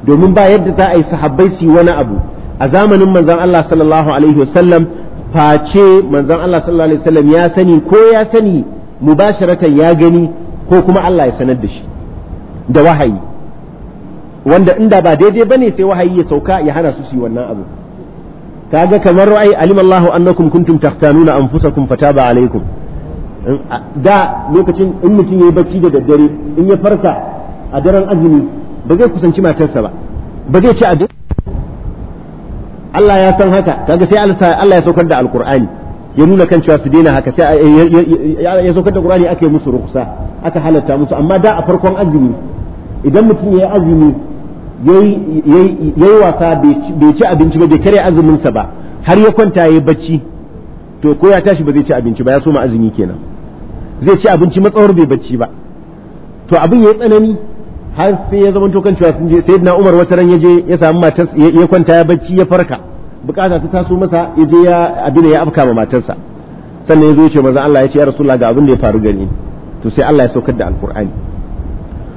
domin ba yadda za a yi sahabbai su wani abu a zamanin manzon Allah sallallahu alaihi wasallam face manzon Allah sallallahu alaihi wasallam ya sani ko ya sani mubasharatan ya gani ko kuma Allah ya sanar da shi da wahayi wanda inda ba daidai bane sai wahayi ya sauka ya hana su su yi wannan abu kaga kamar ai alimallahu annakum kuntum taftanuna anfusakum fataba alaikum da lokacin in mutum yayi bacci da daddare in ya farka a daren azumi ba zai kusanci matarsa ba ba zai ci a Allah ya san haka kaga sai Allah ya saukar da alqur'ani ya nuna kan cewa su daina haka sai ya saukar da qur'ani aka yi musu rukhsa aka halatta musu amma da a farkon azumi idan mutum ya yi azumi yayi wasa bai ci abinci ba bai karya azuminsa ba har ya kwanta yayi bacci to ko ya tashi ba zai ci abinci ba ya soma azumi kenan zai ci abinci matsawar bai bacci ba to abin ya yi tsanani har sai ya zama kan cewa sun je sayyidina Umar wata ran ya je ya samu matar ya kwanta ya bacci ya farka bukata ta taso masa ya je ya abin ya afka ma matarsa sannan ya zo ce manzon Allah ya ce ya rasulullah ga abin da ya faru gani to sai Allah ya saukar da alqur'ani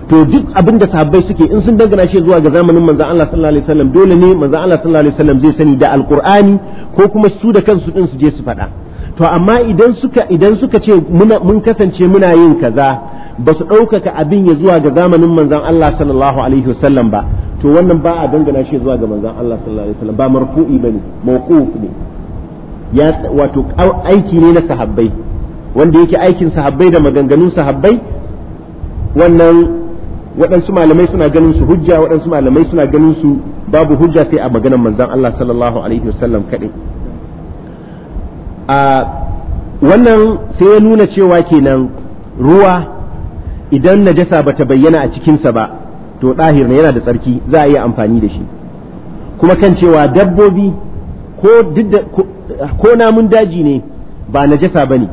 to duk abin da sahabbai suke in sun dangana shi zuwa ga zamanin manzon Allah sallallahu alaihi wasallam dole ne manzon Allah sallallahu alaihi wasallam zai sani da alqur'ani ko kuma su da kansu din su je su faɗa to amma idan suka idan suka ce mun kasance muna yin kaza ba su ɗaukaka abin ya zuwa ga zamanin manzon Allah sallallahu alaihi wasallam ba to wannan ba a dangana shi zuwa ga manzon Allah sallallahu alaihi wasallam ba marfu'i bane mawquf ne ya wato aiki ne na sahabbai wanda yake aikin sahabbai da maganganun sahabbai wannan waɗansu malamai suna ganin su hujja waɗansu malamai suna ganin su babu hujja sai a maganar manzon Allah sallallahu alaihi wasallam kaɗai a wannan sai ya nuna cewa kenan ruwa idan najasa bata bayyana a cikinsa ba to ɗahir ne yana da tsarki za a iya amfani da shi kuma kan cewa dabbobi ko namun daji ne ba najasa bane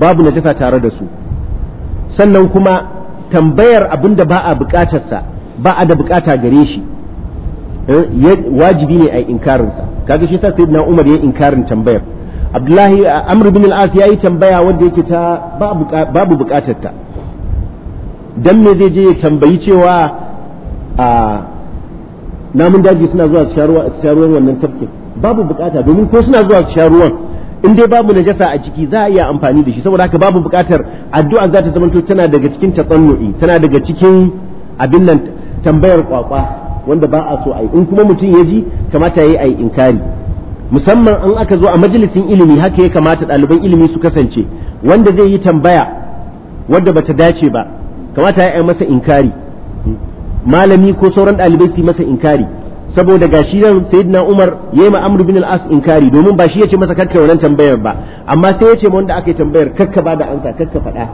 babu najasa tare da su sannan kuma tambayar abin da ba a bukatarsa ba a da bukata gare shi eh, wajibi ne a inkarinsa kaga shi sa na Umar ya inkarin tambayar Abdullahi Amr bin al-As yi tambaya wanda yake ta babu bukatarta dan me zai je ya tambayi cewa a namun daji suna zuwa su ruwan wannan tafkin babu bukata domin ko suna zuwa su ruwan in dai babu najasa a ciki za a iya amfani da shi saboda haka babu bukatar addu'a za ta zamanto tana daga cikin tatsannu'i tana daga cikin abin nan tambayar kwakwa wanda ba a so a yi in kuma mutum ya ji kamata ya yi a yi inkari musamman an aka zo a majalisin ilimi haka ya kamata ɗaliban ilimi su kasance wanda zai yi tambaya wadda bata dace ba kamata ya yi masa inkari malami ko sauran ɗalibai su yi masa inkari saboda gashi nan sayyidina Umar yayi ma Amr bin al-As inkari domin ba shi yace masa kakkai wannan tambayar ba amma sai yace ma wanda aka yi tambayar kakka ba da ansa kakka faɗa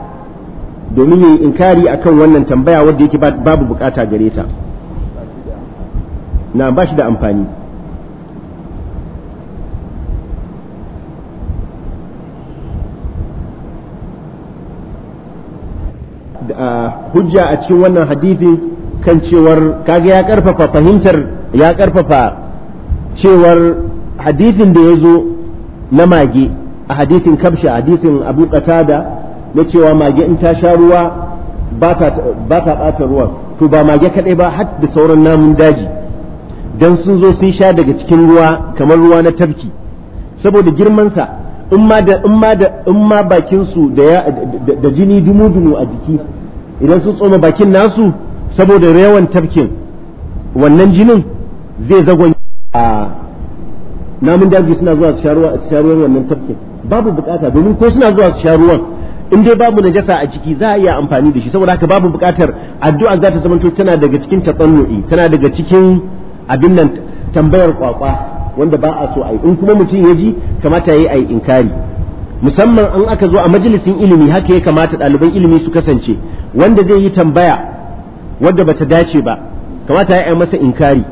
domin yayi inkari akan wannan tambaya wanda yake babu bukata gare ta na ba shi da amfani hujja a cikin wannan hadithin kan cewar kaga ya karfafa fahimtar ya karfafa cewar hadithin da ya zo na mage a hadithin kabsha hadithin abu qatada na cewa mage in ta sha ruwa ba ta ɓata ruwan to ba mage kaɗai ba har da sauran namun daji don sun zo sun sha daga cikin ruwa kamar ruwa na tafki saboda girmansa in ma da in ma da bakin su da jini dumu dumu a jiki idan sun tsoma bakin nasu saboda yawan tafkin wannan jinin zai zagon a namun daji suna zuwa su sha ruwan wannan tafkin babu bukata domin ko suna zuwa su sha ruwan in dai babu najasa a ciki za a iya amfani da shi saboda haka babu bukatar addu'a za ta zamanto tana daga cikin tatsannu'i tana daga cikin abin nan tambayar kwakwa wanda ba a so a yi in kuma mutum ya ji kamata ya yi a yi inkari musamman an aka zo a majalisin ilimi haka ya kamata ɗaliban ilimi su kasance wanda zai yi tambaya wadda bata dace ba kamata ya yi masa inkari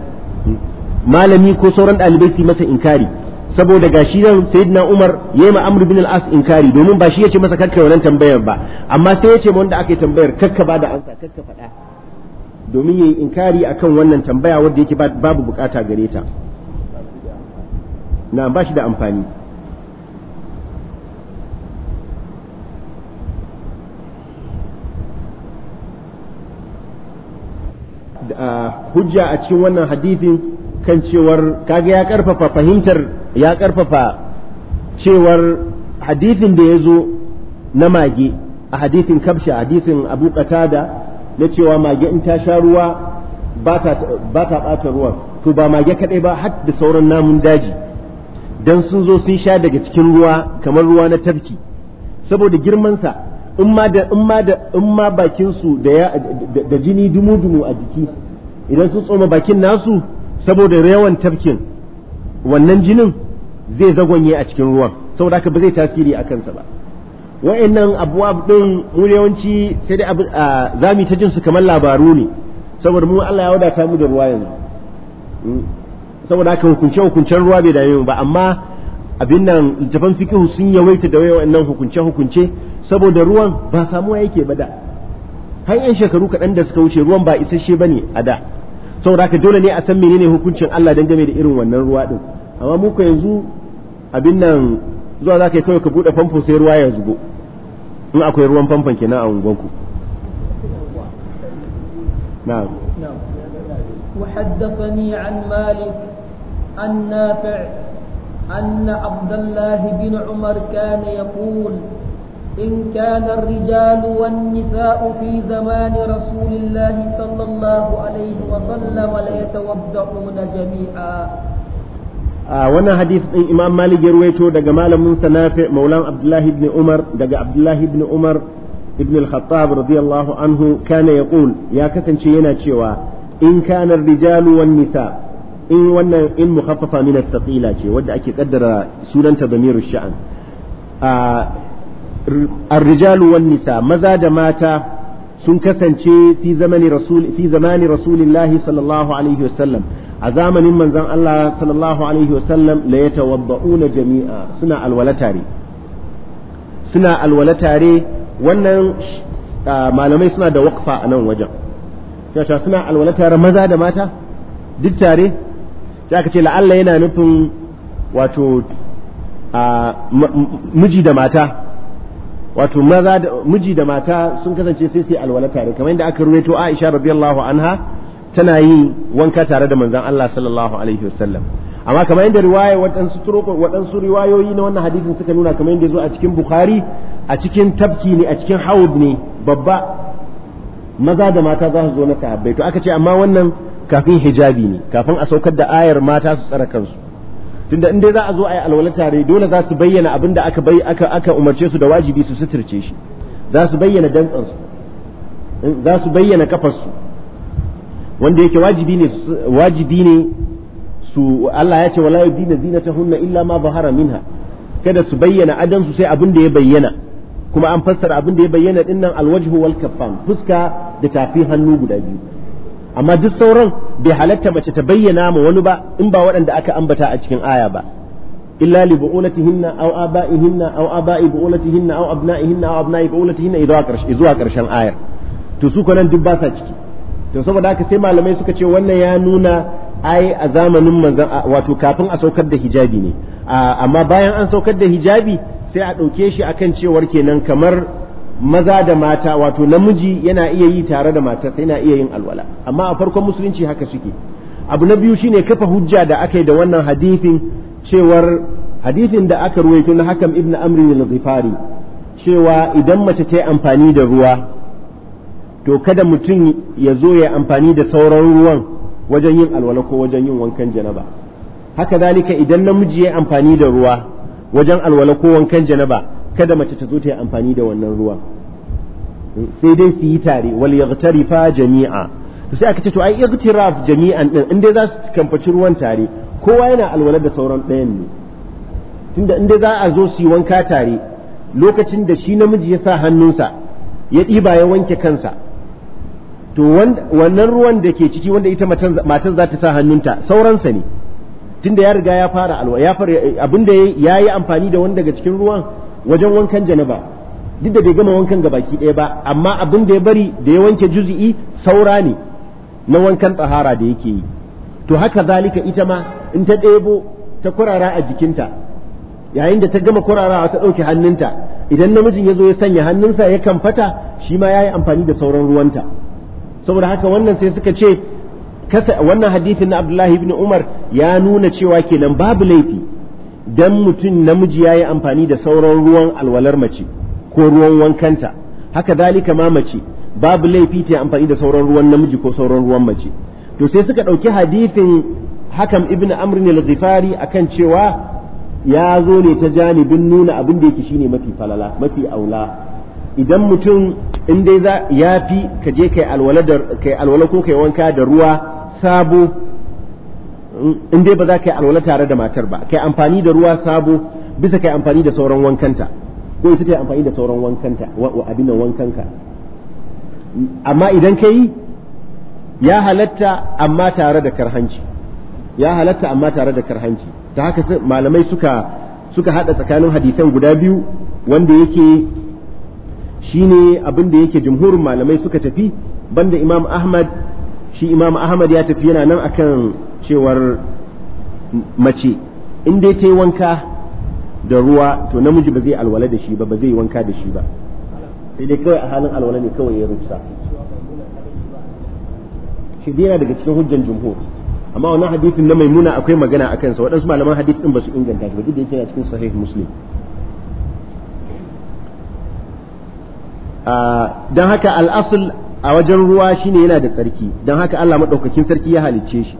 malami ko sauran ɗalibai su masa inkari saboda gashi nan sayyidina Umar yayi ma Amr bin al-As inkari domin ba shi yace masa kakkai wannan tambayar ba amma sai ya yace wanda aka yi tambayar kakka ba da ansa kakka faɗa domin yayi inkari akan wannan tambaya wanda yake babu bukata gare ta na ba shi da amfani hujja a cikin wannan hadithin kan cewar kaga ya karfafa fahimtar ya karfafa cewar hadithin da ya zo na mage a hadithin kabsha hadithin abu qatada na cewa mage in ta sha ruwa ba ta ɓata ruwan to ba mage kaɗai ba har da sauran namun daji dan sun zo sun sha daga cikin ruwa kamar ruwa na tafki saboda girmansa in ma da in ma da in ma bakin su da jini dumu-dumu a jiki idan sun tsoma bakin nasu saboda yawan tafkin wannan jinin zai zagonye a cikin ruwan saboda haka ba zai tasiri a kansa ba wa'annan abuwa din mu yawanci sai dai abu zami ta jinsu kamar labaru ne saboda mu Allah ya wadata mu da ruwa yanzu hmm. saboda haka hukunce hukuncen ruwa bai dame mu ba amma abin nan littafan fikihu sun yawaita da wa'annan hukunce hukunce saboda ruwan ba samuwa yake ba da har 'yan shekaru kaɗan da suka wuce ruwan ba isasshe ba ne a da saboda haka dole ne a san menene hukuncin Allah dangane da irin wannan ruwa din amma mu ko yanzu abin nan zuwa za ka yi kawai ka buɗe famfo sai ruwa ya zubo in akwai ruwan famfon kenan a unguwanku na'am
وحدثني عن مالك عن نافع أن عبد الله بن عمر كان يقول إن كان الرجال والنساء في زمان رسول الله صلى الله عليه وسلم لا يتوضعون جميعا
آه وانا حديث إمام مالي جرويتو دقا مالا موسى نافع مولان عبد الله بن عمر دقا عبد الله بن عمر ابن الخطاب رضي الله عنه كان يقول يا كسن شينا شوا إن كان الرجال والنساء إن وانا إن مخففة من الثقيلة شوا ودأك قدر سورة ضمير الشأن آه الرجال والنساء مزاد ماتا sun kasance fi zamani rasul fi zamani rasulillahi sallallahu alaihi wasallam a zamanin manzon Allah sallallahu alaihi wasallam la yatawabbauna jami'a suna alwala tare suna alwala tare wannan malamai suna da waqfa a nan wajen cewa suna alwala tare maza da mata duk tare sai aka ce la'alla yana nufin wato miji da mata wato maza da miji da mata sun kasance sai sai alwala tare kamar yadda aka ruwaito Aisha radiyallahu anha tana yi wanka tare da manzon Allah sallallahu alaihi wasallam amma kamar yadda riwaya waɗansu waɗansu riwayoyi na wannan hadisin suka nuna kamar yadda zo a cikin Bukhari a cikin tafki ne a cikin haud ne babba maza da mata za su zo na sahabbai to aka ce amma wannan kafin hijabi ne kafin a saukar da ayar mata su tsara kansu tunda in dai za a zo a yi alwala tare dole za su bayyana abin da aka aka aka umarce su da wajibi su suturce shi za su bayyana dantsan su za su bayyana kafar su wanda yake wajibi ne wajibi ne su Allah ya ce wala yudina zinatahunna illa ma zahara minha kada su bayyana adan su sai abin da ya bayyana kuma an fassara abin da ya bayyana dinnan alwajhu wal kaffan fuska da tafi hannu guda biyu amma duk sauran bai halatta mace ta bayyana ma wani ba in ba waɗanda aka ambata a cikin aya ba illa li bu'ulatihinna aw aba'ihinna aw aba'i bu'ulatihinna aw abna'ihinna aw abna'i bu'ulatihinna idza karshe zuwa karshen ayar to su nan duk ba sa ciki to saboda haka sai malamai suka ce wannan ya nuna ai a zamanin manzon wato kafin a saukar da hijabi ne amma bayan an saukar da hijabi sai a ɗauke shi akan cewar kenan kamar maza da mata wato namiji yana iya yi tare da matarsa yana iya yin alwala amma a farkon musulunci haka suke abu na biyu shine kafa hujja da aka yi da wannan hadithin cewar hadithin da aka ruwaito na hakan ibn amri al-ghifari cewa idan mace ta yi amfani da ruwa to kada mutum ya zo ya amfani da sauran ruwan wajen yin alwala ko wajen yin wankan janaba haka zalika idan namiji ya amfani da ruwa wajen alwala ko wankan janaba kada mace ta zo ta yi amfani da wannan ruwan sai dai su yi tare wal yaghtarifa jami'a to sai aka ce to ai yaghtiraf jami'an din in dai za su kamfaci ruwan tare kowa yana alwala da sauran ɗayan ne tunda in dai za a zo su yi wanka tare lokacin da shi namiji ya sa hannunsa ya ɗiba ya wanke kansa to wannan ruwan da ke ciki wanda ita matan za ta sa hannunta sauransa ne tunda ya riga ya fara alwa ya abinda ya yi amfani da wani daga cikin ruwan wajen wankan janaba duk da bai gama wankan gabaki ɗaya ba amma abin da ya bari da ya wanke juzi'i saura ne na wankan tsahara da yake yi to haka zalika ita ma in ta ɗebo ta kurara a jikinta yayin da ta gama kurarawa ta ɗauke hannunta idan namijin ya zo ya sanya hannunsa ya kan fata shi ma ya yi amfani da sauran ruwanta saboda haka wannan sai suka ce wannan hadithin na abdullahi ibn umar ya nuna cewa kenan babu laifi dan mutum namiji ya yi amfani da sauran ruwan alwalar mace ko ruwan wankanta haka dalika ma mace babu laifi ta amfani da sauran ruwan namiji ko sauran ruwan mace to sai suka ɗauki hadithin hakam ibn amr ne ghifari akan cewa ya zo ne ta janibin nuna abin da yake shine mafi falala mafi aula idan mutum in dai za ya fi ka je kai alwala ko kai wanka da ruwa sabo in dai ba za ka yi alwala tare da matar ba kai amfani da ruwa sabo bisa kai amfani da sauran wankanta ko ita ta amfani da sauran wankanta wa abin wankanka amma idan ka yi ya halatta amma tare da karhanci ya halatta amma tare da karhanci ta haka malamai suka suka hada tsakanin hadisan guda biyu wanda yake shine abin da yake jumhurin malamai suka tafi banda imam ahmad shi imam ahmad ya tafi yana nan akan cewar mace in dai ta yi wanka da ruwa to namiji ba zai alwala da shi ba ba zai wanka da shi ba sai dai kawai a halin alwala ne kawai ya rufsa shi dai yana daga cikin hujjan jumhur amma wannan hadithin na maimuna akwai magana a kansa waɗansu malaman hadith din ba su inganta shi ba duk da yake yana cikin sahih muslim ah, don haka al'asul a wajen ruwa shine yana da tsarki don haka Allah maɗaukakin sarki ya halicce shi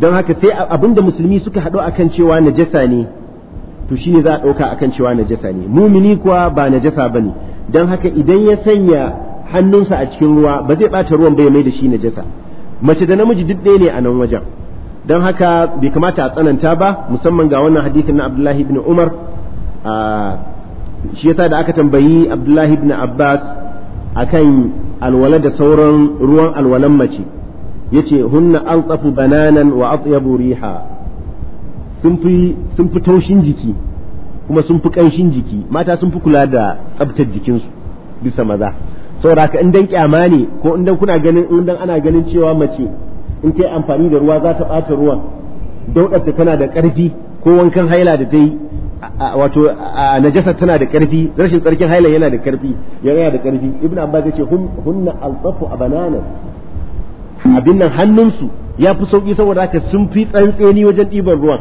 don haka sai abinda musulmi suka haɗu akan cewa najasa ne to shine za a ɗauka akan cewa najasa ne mumini kuwa ba najasa bane don haka idan ya sanya hannunsa a cikin ruwa ba zai ɓata ruwan bai mai da shi najasa mace da namiji duk ɗaya ne a nan wajen don haka bai kamata a tsananta ba musamman ga wannan hadisin na abdullahi ibn umar shi yasa da aka tambayi abdullahi ibn abbas akan alwala da sauran ruwan alwalan mace yace hunna altafu bananan wa atyabu riha sun fi sun fi taushin jiki kuma sun fi kanshin jiki mata sun fi kula da tsaftar jikinsu bisa maza saboda ka in dan kyama ne ko in dan kuna ganin in dan ana ganin cewa mace in ta amfani da ruwa za ta bata ruwan ta tana da ƙarfi ko wankan haila da ta yi wato najasa tana da ƙarfi rashin tsarkin haila yana da ƙarfi yana da ƙarfi ibnu abbas yace hunna altafu abanana abin nan hannunsu ya fi sauki saboda haka sun fi tsantseni wajen ɗiban ruwan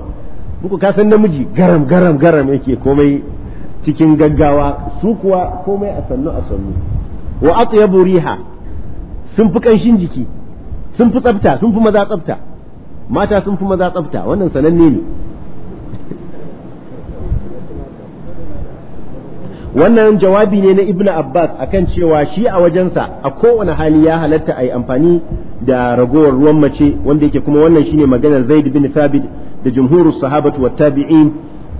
muku ka san namiji garam garam garam yake komai cikin gaggawa su kuwa komai a sannu a sannu wa atyabu riha sun fi kanshin jiki sun fi tsafta sun fi maza tsafta mata sun fi maza tsafta wannan sananne ne wannan jawabi ne na ibnu abbas akan cewa shi a wajensa a kowane hali ya halatta a yi amfani da ragowar ruwan mace wanda yake kuma wannan shine maganar zaid bin thabit da jumhurus sahabatu wa tabi'in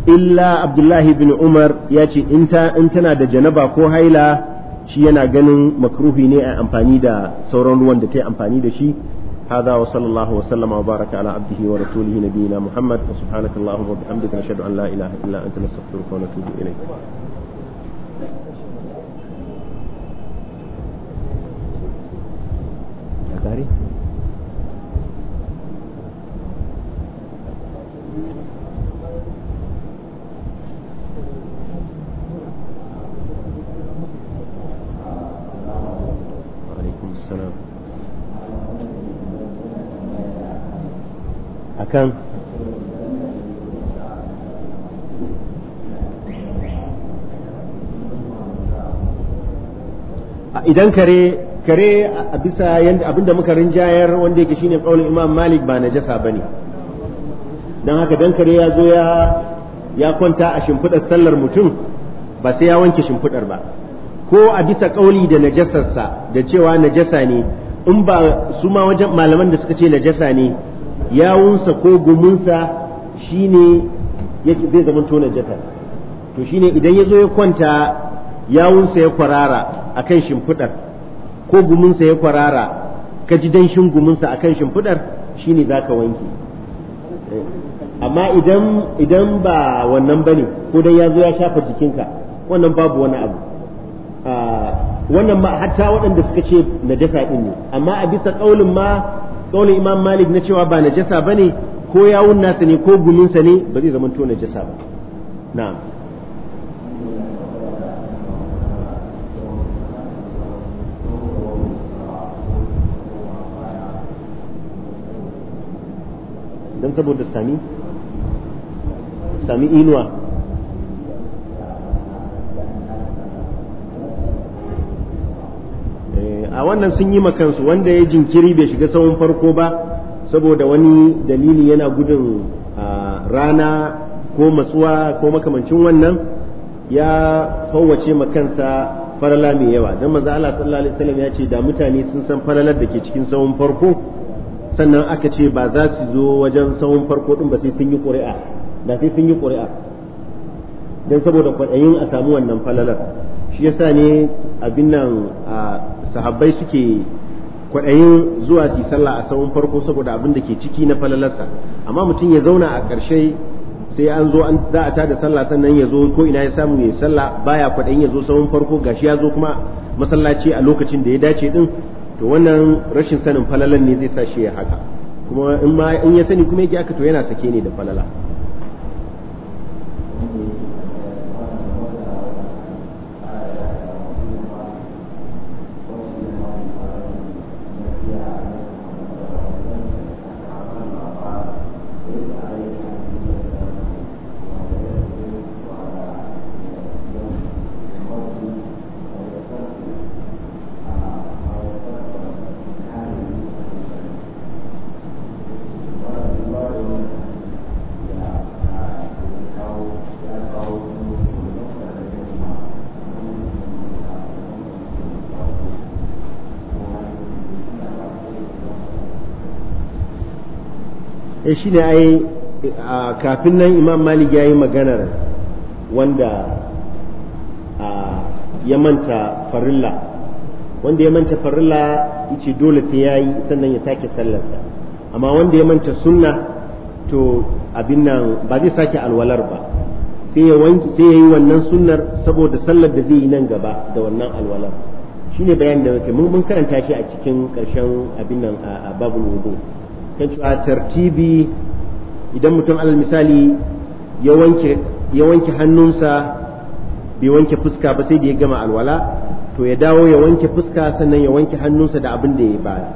illa abdullahi bin umar ya ce in tana da janaba ko haila shi yana ganin makruhi ne a amfani da sauran ruwan da ta yi amfani da shi هذا وصلى الله وسلم وبارك على عبده ورسوله نبينا محمد وسبحانك اللهم وبحمدك نشهد ان لا اله الا انت نستغفرك ونتوب اليك الأخباري عليكم السلام أكم idan kare kare a bisa abinda muka rinjayar wanda yake shine kaulin imam malik ba najasa bane dan haka dan kare ya zo ya kwanta a shimfiɗar sallar mutum ba sai ya wanke shimfiɗar ba ko a bisa kauli da najasarsa da cewa najasa ne in ba su ma wajen malaman da suka ce najasa ne yawunsa ko gumunsa shine zai zama to najasa to shine idan ya zo ya kwanta yawunsa ya kwarara a kan shimfiɗar ko guminsa ya kwarara ka ji danshin guminsa kan shimfidar za ka wanke amma idan ba wannan ba ne, ko dai ya zo ya shafa jikinka wannan babu wani abu ah, wannan ma hatta waɗanda suka ce najasa ɗin ne amma a bisa ƙaunin ma ƙaunin imam malik na cewa ba najasa ne, ko yawun nasa ne ko guminsa ne ba zai zama to najasa ba na'am dan saboda sami sami inuwa eh, a wannan sun yi makansu wanda ya jinkiri bai shiga tsawon farko ba saboda wani dalili yana gudun rana ko matsuwa ko makamancin wannan ya fawwace makansa farala mai yawa don maza Allah sallallahu alaihi wasallam ya ce da mutane sun san faralar da ke cikin tsawon farko sannan aka ce ba za su zo wajen sahun farko din ba sai sun yi ƙuri'a da sai sun yi ƙuri'a don saboda kwaɗayin a samu wannan falalar shi yasa ne abin nan sahabbai suke kwaɗayin zuwa su sallah a sahun farko saboda abin da ke ciki na falalarsa amma mutum ya zauna a ƙarshe sai an zo an za a tada sallah sannan ya zo ko ina ya samu ya sallah baya kwaɗayin ya zo sahun farko gashi ya zo kuma masallaci a lokacin da ya dace din to wannan rashin sanin falalan ne zai sa shi ya haka kuma in ma in ya sani kuma yake aka to yana sake ne da falala shi eh, shine ai kafin nan imam malik ya yi maganar wanda ya manta farilla wanda ya manta farilla yace dole sai ya yi sannan ya sake sallarsa amma wanda ya manta sunna to abin nan ba zai sake alwalar ba sai ya yi wannan sunnar saboda sallar da zai yi nan gaba da wannan alwalar shine bayan da muke mun karanta shi a cikin karshen abin nan a babul wudu kan cewa tartibi idan mutum alal misali ya wanke hannunsa bai wanke fuska ba sai da ya gama alwala to ya dawo ya wanke fuska sannan ya wanke hannunsa da abin da ya baya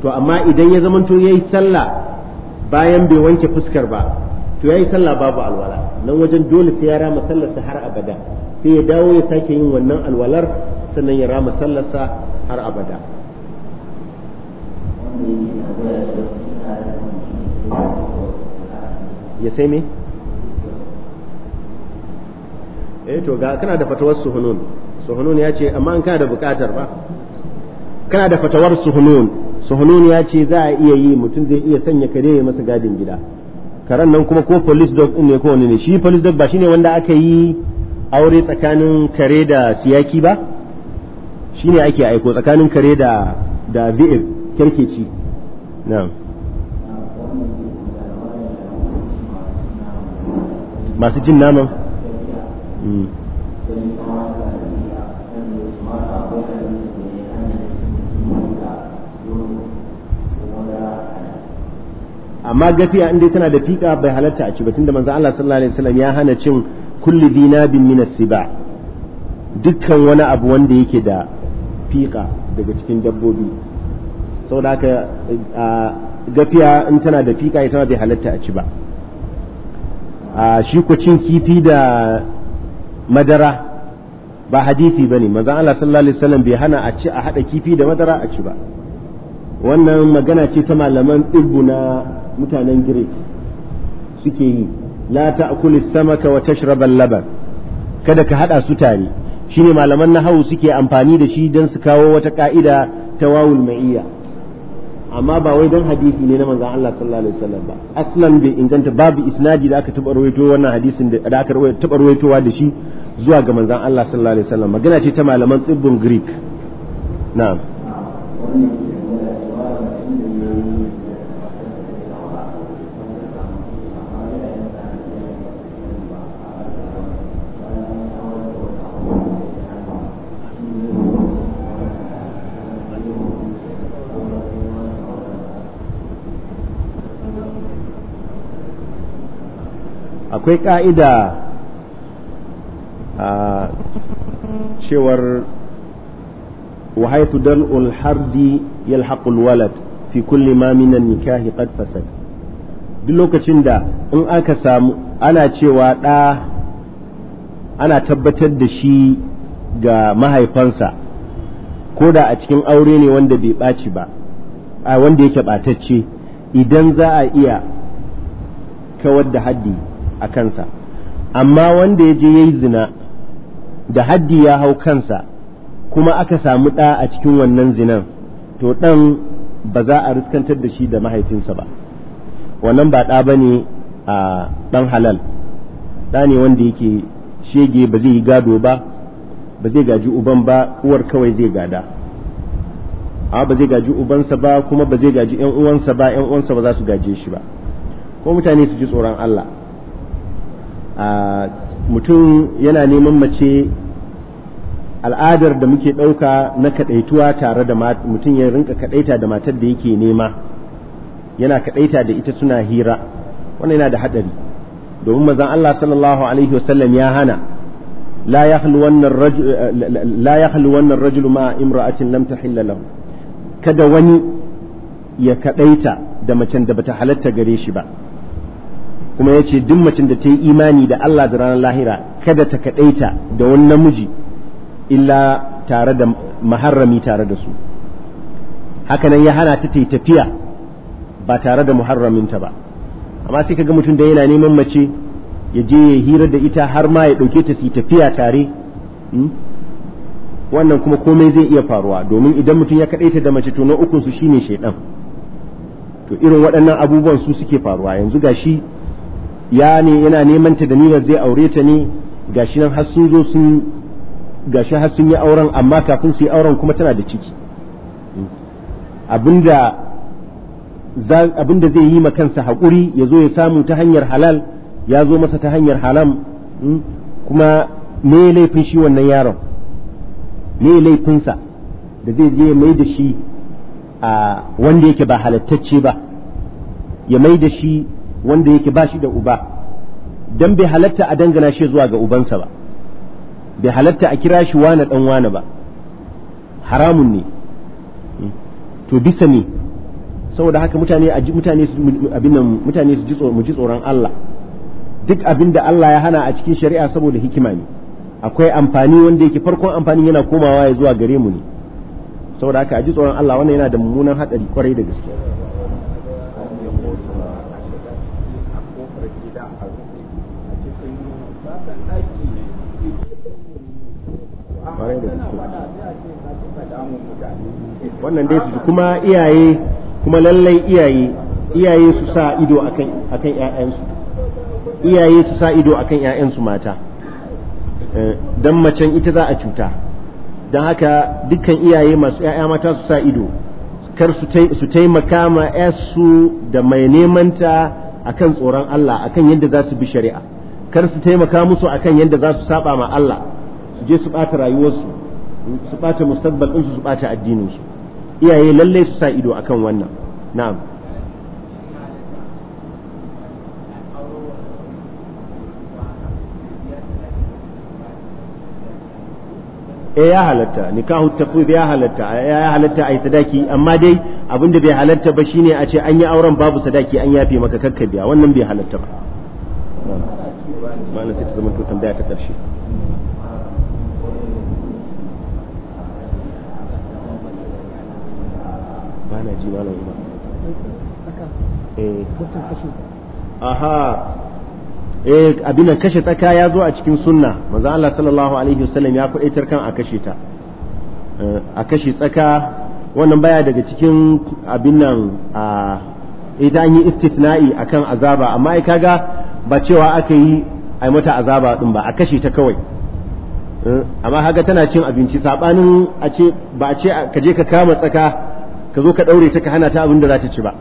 to amma idan ya zamanto ya yi sallah bayan bai wanke fuskar ba to yayi sallah babu alwala nan wajen dole sai ya rama sallarsa har abada sai ya dawo ya sake yin wannan alwalar sannan ya rama sallarsa har abada ya sai me eh to ga kana da fatawar suhunun suhunun ya ce amma an kana da bukatar ba kana da fatawar suhunun suhunun ya ce za a iya yi mutum zai iya sanya kare ya masa gadin gida karen nan kuma ko police dog ne ko wani ne shi police dog ba shine wanda aka yi aure tsakanin kare da siyaki ba shine ake aiko tsakanin kare da da ci na'am masu jin naman hmm. amma gafiya in dai tana da fiƙa bai halatta a ci batun da manzan Allah sallallahu alaihi wasallam ya hana cin kulli dinabin min as-siba dukkan wani abu wanda yake da fiƙa daga cikin dabbobi saboda haka gafiya in tana da fika ita ma bai halatta a ci ba a shi ko cin kifi da madara ba hadisi bane manzon Allah sallallahu alaihi wasallam bai hana a ci a hada kifi da madara a ci ba wannan magana ce ta malaman dubu na mutanen Greek suke yi la ta'kul samaka wa tashrab laban kada ka hada su tare shine malaman nahawu suke amfani da shi don su kawo wata ka'ida ta wawul ma'iyya amma ba wai dan hadisi ne na manzon Allah sallallahu alaihi wasallam ba aslan bai inganta babu isnadi da aka taba ruwaito wannan hadisin da aka taba rawaitowa da shi zuwa ga manzon Allah sallallahu alaihi wasallam magana ce ta malaman tsibbin Greek na'am akwai ƙa'ida a cewar wahaitu درء ulhardi يلحق الولد walad fi kulli maminan nikahi قد fasad duk lokacin da in aka samu ana cewa ɗa ana tabbatar da shi ga mahaifansa ko da a cikin aure ne wanda bai ɓaci ba a wanda yake ɓatacce idan za a iya kawar da haddi a kansa amma wanda ya je ya zina da haddi ya hau kansa kuma aka samu ɗa a cikin wannan zinan to ɗan ba za a riskantar da shi da mahaifinsa ba wannan ba ɗa ba ne a ɗan halal ɗa ne wanda yake shege ba zai yi gado ba ba zai gaji uban ba uwar kawai zai gada a ba zai gaji ubansa ba kuma ba zai gaji 'yan uwansa ba 'yan uwansa ba za su gaje shi ba ko mutane su ji tsoron Allah mutum yana neman mace al'adar da muke ɗauka na kaɗaituwa tare da mutum ya rinka kaɗaita da matar da yake nema yana kaɗaita da ita suna hira wannan yana da haɗari domin mazan Allah sallallahu alaihi wasallam ya hana la ya halu wannan rajulu ma imra'atin lam tahilla lahu kada wani ya kaɗaita da macen da bata halatta gare shi ba kuma ya ce duk macen da ta yi imani da Allah da ranar lahira kada ta kadaita da wani namiji illa tare da maharrami tare da su hakanan ya hana ta tai tafiya ba tare da muharraminta ba amma sai kaga mutum da yana neman mace ya je ya hira da ita har ma ya dauke ta su tafiya tare hmm? wannan kuma komai zai iya faruwa domin idan mutum ya kadaita da mace to na ukun su shine shaidan to irin waɗannan abubuwan su suke faruwa yanzu ga shi. ya ne yana neman ta da zai aure ta ne gashi nan har sun zo sun gashi har sun yi auren amma kafin su yi auren kuma tana da ciki abinda abinda zai yi ma kansa hakuri ya zo ya samu ta hanyar halal ya zo masa ta hanyar halam hmm? kuma me laifin shi wannan yaron me laifinsa da zai je mai da shi a wanda yake ba halattacce ba ya mai da shi wanda yake ba shi da uba dan bai halatta a dangana shi zuwa ga ubansa ba bai halatta a kira shi wane dan wane ba haramun ne to bisa ne saboda haka mutane mutane su ji mu ji tsoron Allah duk abin da Allah ya hana a cikin shari'a saboda hikima ne akwai amfani wanda yake farkon amfanin yana komawa ya zuwa gare mu ne saboda haka a ji tsoron Allah wannan yana da mummunan hadari kwarai da gaske wannan dai su kuma iyaye kuma lallai iyaye iyaye su sa ido akan akan ƴaƴansu iyaye su sa ido akan ƴaƴansu mata eh, dan macen ita za a cuta dan haka dukkan iyaye masu ƴaƴa mata su sa ido kar su taimaka ma su da mai nemanta akan tsoron Allah akan yadda za su bi shari'a kar su taimaka musu akan yadda za su saba ma Allah je su ɓata rayuwarsu su ɓata mustaqbal ɗinsu su ɓata addininsu iyaye lalle su sa ido akan wannan na'am eh ya halatta nikahu tafwid ya halatta ya halatta ai sadaki amma dai abinda bai halatta ba shine a ce an yi auren babu sadaki an yafe maka kakkabiya wannan bai halatta ba ma'ana sai ta zama to tambaya ta karshe bana ji malam umar eh. aha eh abin kashe tsaka ya zo a cikin sunna manzo Allah sallallahu alaihi wasallam ya kuɗaitar kan a kashe ta eh, a kashe tsaka wannan baya daga cikin abin nan a idan yi istitna'i akan azaba amma ai kaga ba cewa aka yi ai mata azaba din ba a kashe ta kawai eh, amma haga tana cin abinci sabanin a ce ba a ce ka je ka kama tsaka ka zo ka ɗaure ta ka hana ta abin da za ta ci ba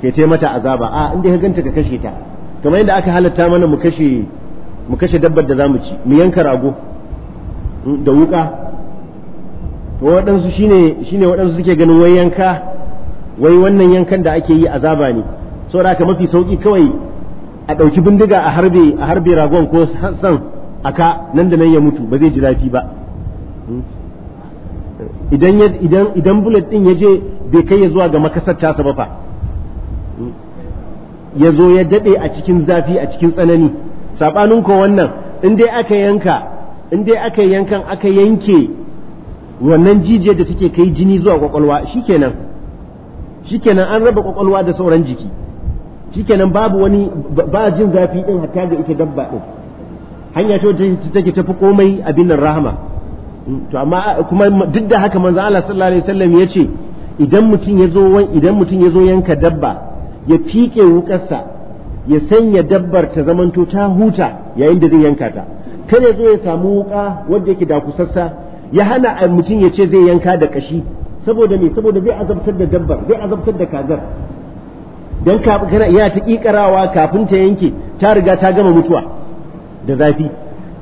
Ka ce mata azaba a inda ka ganta ka kashe ta kamar yadda aka halatta mana mu kashe dabbar da zamu ci mu yanka rago hmm, da wuka waɗansu shine shine waɗansu suke ganin wai yanka wai wannan yankan da ake yi azaba ne saboda haka mafi sauki kawai a ɗauki bindiga a harbe harbe ragon ko san aka nan da nan ya mutu ba zai ji lafi ba idan idan idan bullet din ya je bai kai ya zuwa ga makasar tasa ba fa ya zo ya dade a cikin zafi a cikin tsanani sabanin ko wannan in dai aka yanka in dai aka yankan aka yanke wannan jijiyar da take kai jini zuwa kwakwalwa shikenan shikenan an raba kwakwalwa da sauran jiki shikenan babu wani ba jin zafi din hatta ga ita dabba din hanya ce take tafi komai abin nan rahama to amma kuma duk da haka manzo Allah sallallahu alaihi wasallam yace idan mutum ya zo idan mutum ya zo yanka dabba ya fike wukarsa ya sanya dabbar ta zamanto ta huta yayin da zai yanka ta kada zo ya samu wuka wanda yake da kusassa ya hana mutum ya ce zai yanka da kashi saboda me saboda zai azabtar da dabbar zai azabtar da kazar dan yana ta kikarawa kafin ta yanke ta riga ta gama mutuwa da zafi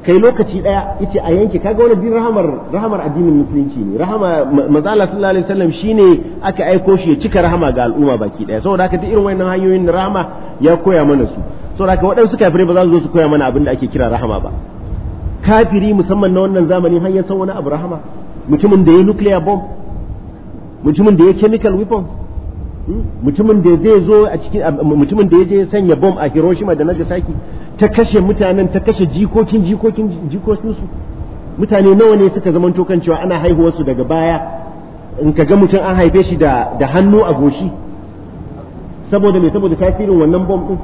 kai lokaci daya yace a yanke kaga wannan din rahamar rahamar addinin musulunci ne rahama manzo Allah sallallahu alaihi wasallam shine aka aiko shi ya cika rahama ga al'umma baki daya saboda haka duk irin wannan hanyoyin rahama ya koya mana su saboda haka waɗansu kafiri ba za su zo su koya mana abin da ake kira rahama ba kafiri musamman na wannan zamani har ya san wani abu rahama mutumin da ya nuclear bomb mutumin da ya chemical weapon hmm, mutumin da zai zo a cikin mutumin da ya je sanya bomb a Hiroshima da Nagasaki ta kashe mutanen ta kashe jikokin jikokin jikokinsu mutane nawa ne suka zamanto kan cewa ana haihuwarsu daga baya in ka ga mutum an haife shi da da hannu a goshi saboda me saboda tasirin wannan bom din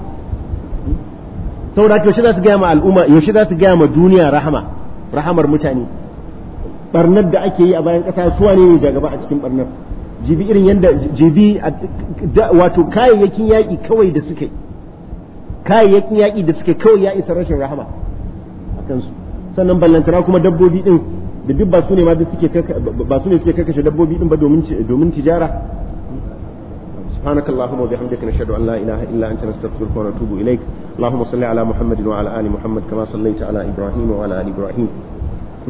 saboda yaushe za su gaya ma al'umma yaushe za su gaya ma duniya rahama rahamar mutane barnar da ake yi a bayan ƙasa suwa ne da gaba a cikin barnar jibi irin yadda jibi wato kayayyakin yaƙi kawai da suka yi kayayyakin yaƙi da suke kawai ya isa rashin rahama a kansu sannan ballantana kuma dabbobi din da duk ba su ne ma duk suke ba su ne suke karkashe dabbobi din ba domin domin tijara سبحانك اللهم وبحمدك نشهد أن لا إله إلا أنت نستغفرك ونتوب إليك اللهم صل على محمد وعلى آل محمد كما صليت على إبراهيم وعلى آل إبراهيم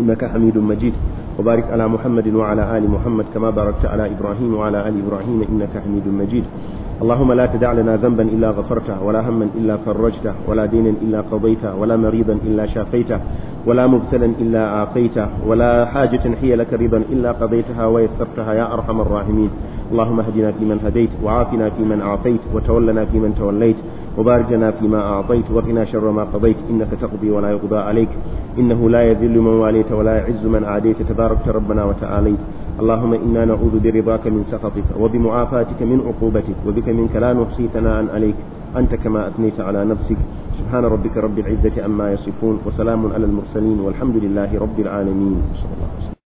إنك حميد مجيد وبارك على محمد وعلى آل محمد كما باركت على إبراهيم وعلى آل إبراهيم إنك حميد مجيد اللهم لا تدع لنا ذنبا إلا غفرته ولا هما إلا فرجته ولا دينا إلا قضيته ولا مريضا إلا شافيته ولا مبتلا إلا عافيته ولا حاجة هي لك رضا إلا قضيتها ويسرتها يا أرحم الراحمين اللهم اهدنا فيمن هديت وعافنا فيمن عافيت وتولنا فيمن توليت وبارك لنا فيما أعطيت وقنا شر ما قضيت إنك تقضي ولا يقضى عليك إنه لا يذل من واليت ولا يعز من عاديت تباركت ربنا وتعاليت اللهم إنا نعوذ برضاك من سخطك وبمعافاتك من عقوبتك وبك منك لا نحصي ثناء عليك أنت كما أثنيت على نفسك سبحان ربك رب العزة أما يصفون وسلام على المرسلين والحمد لله رب العالمين صلى الله عليه وسلم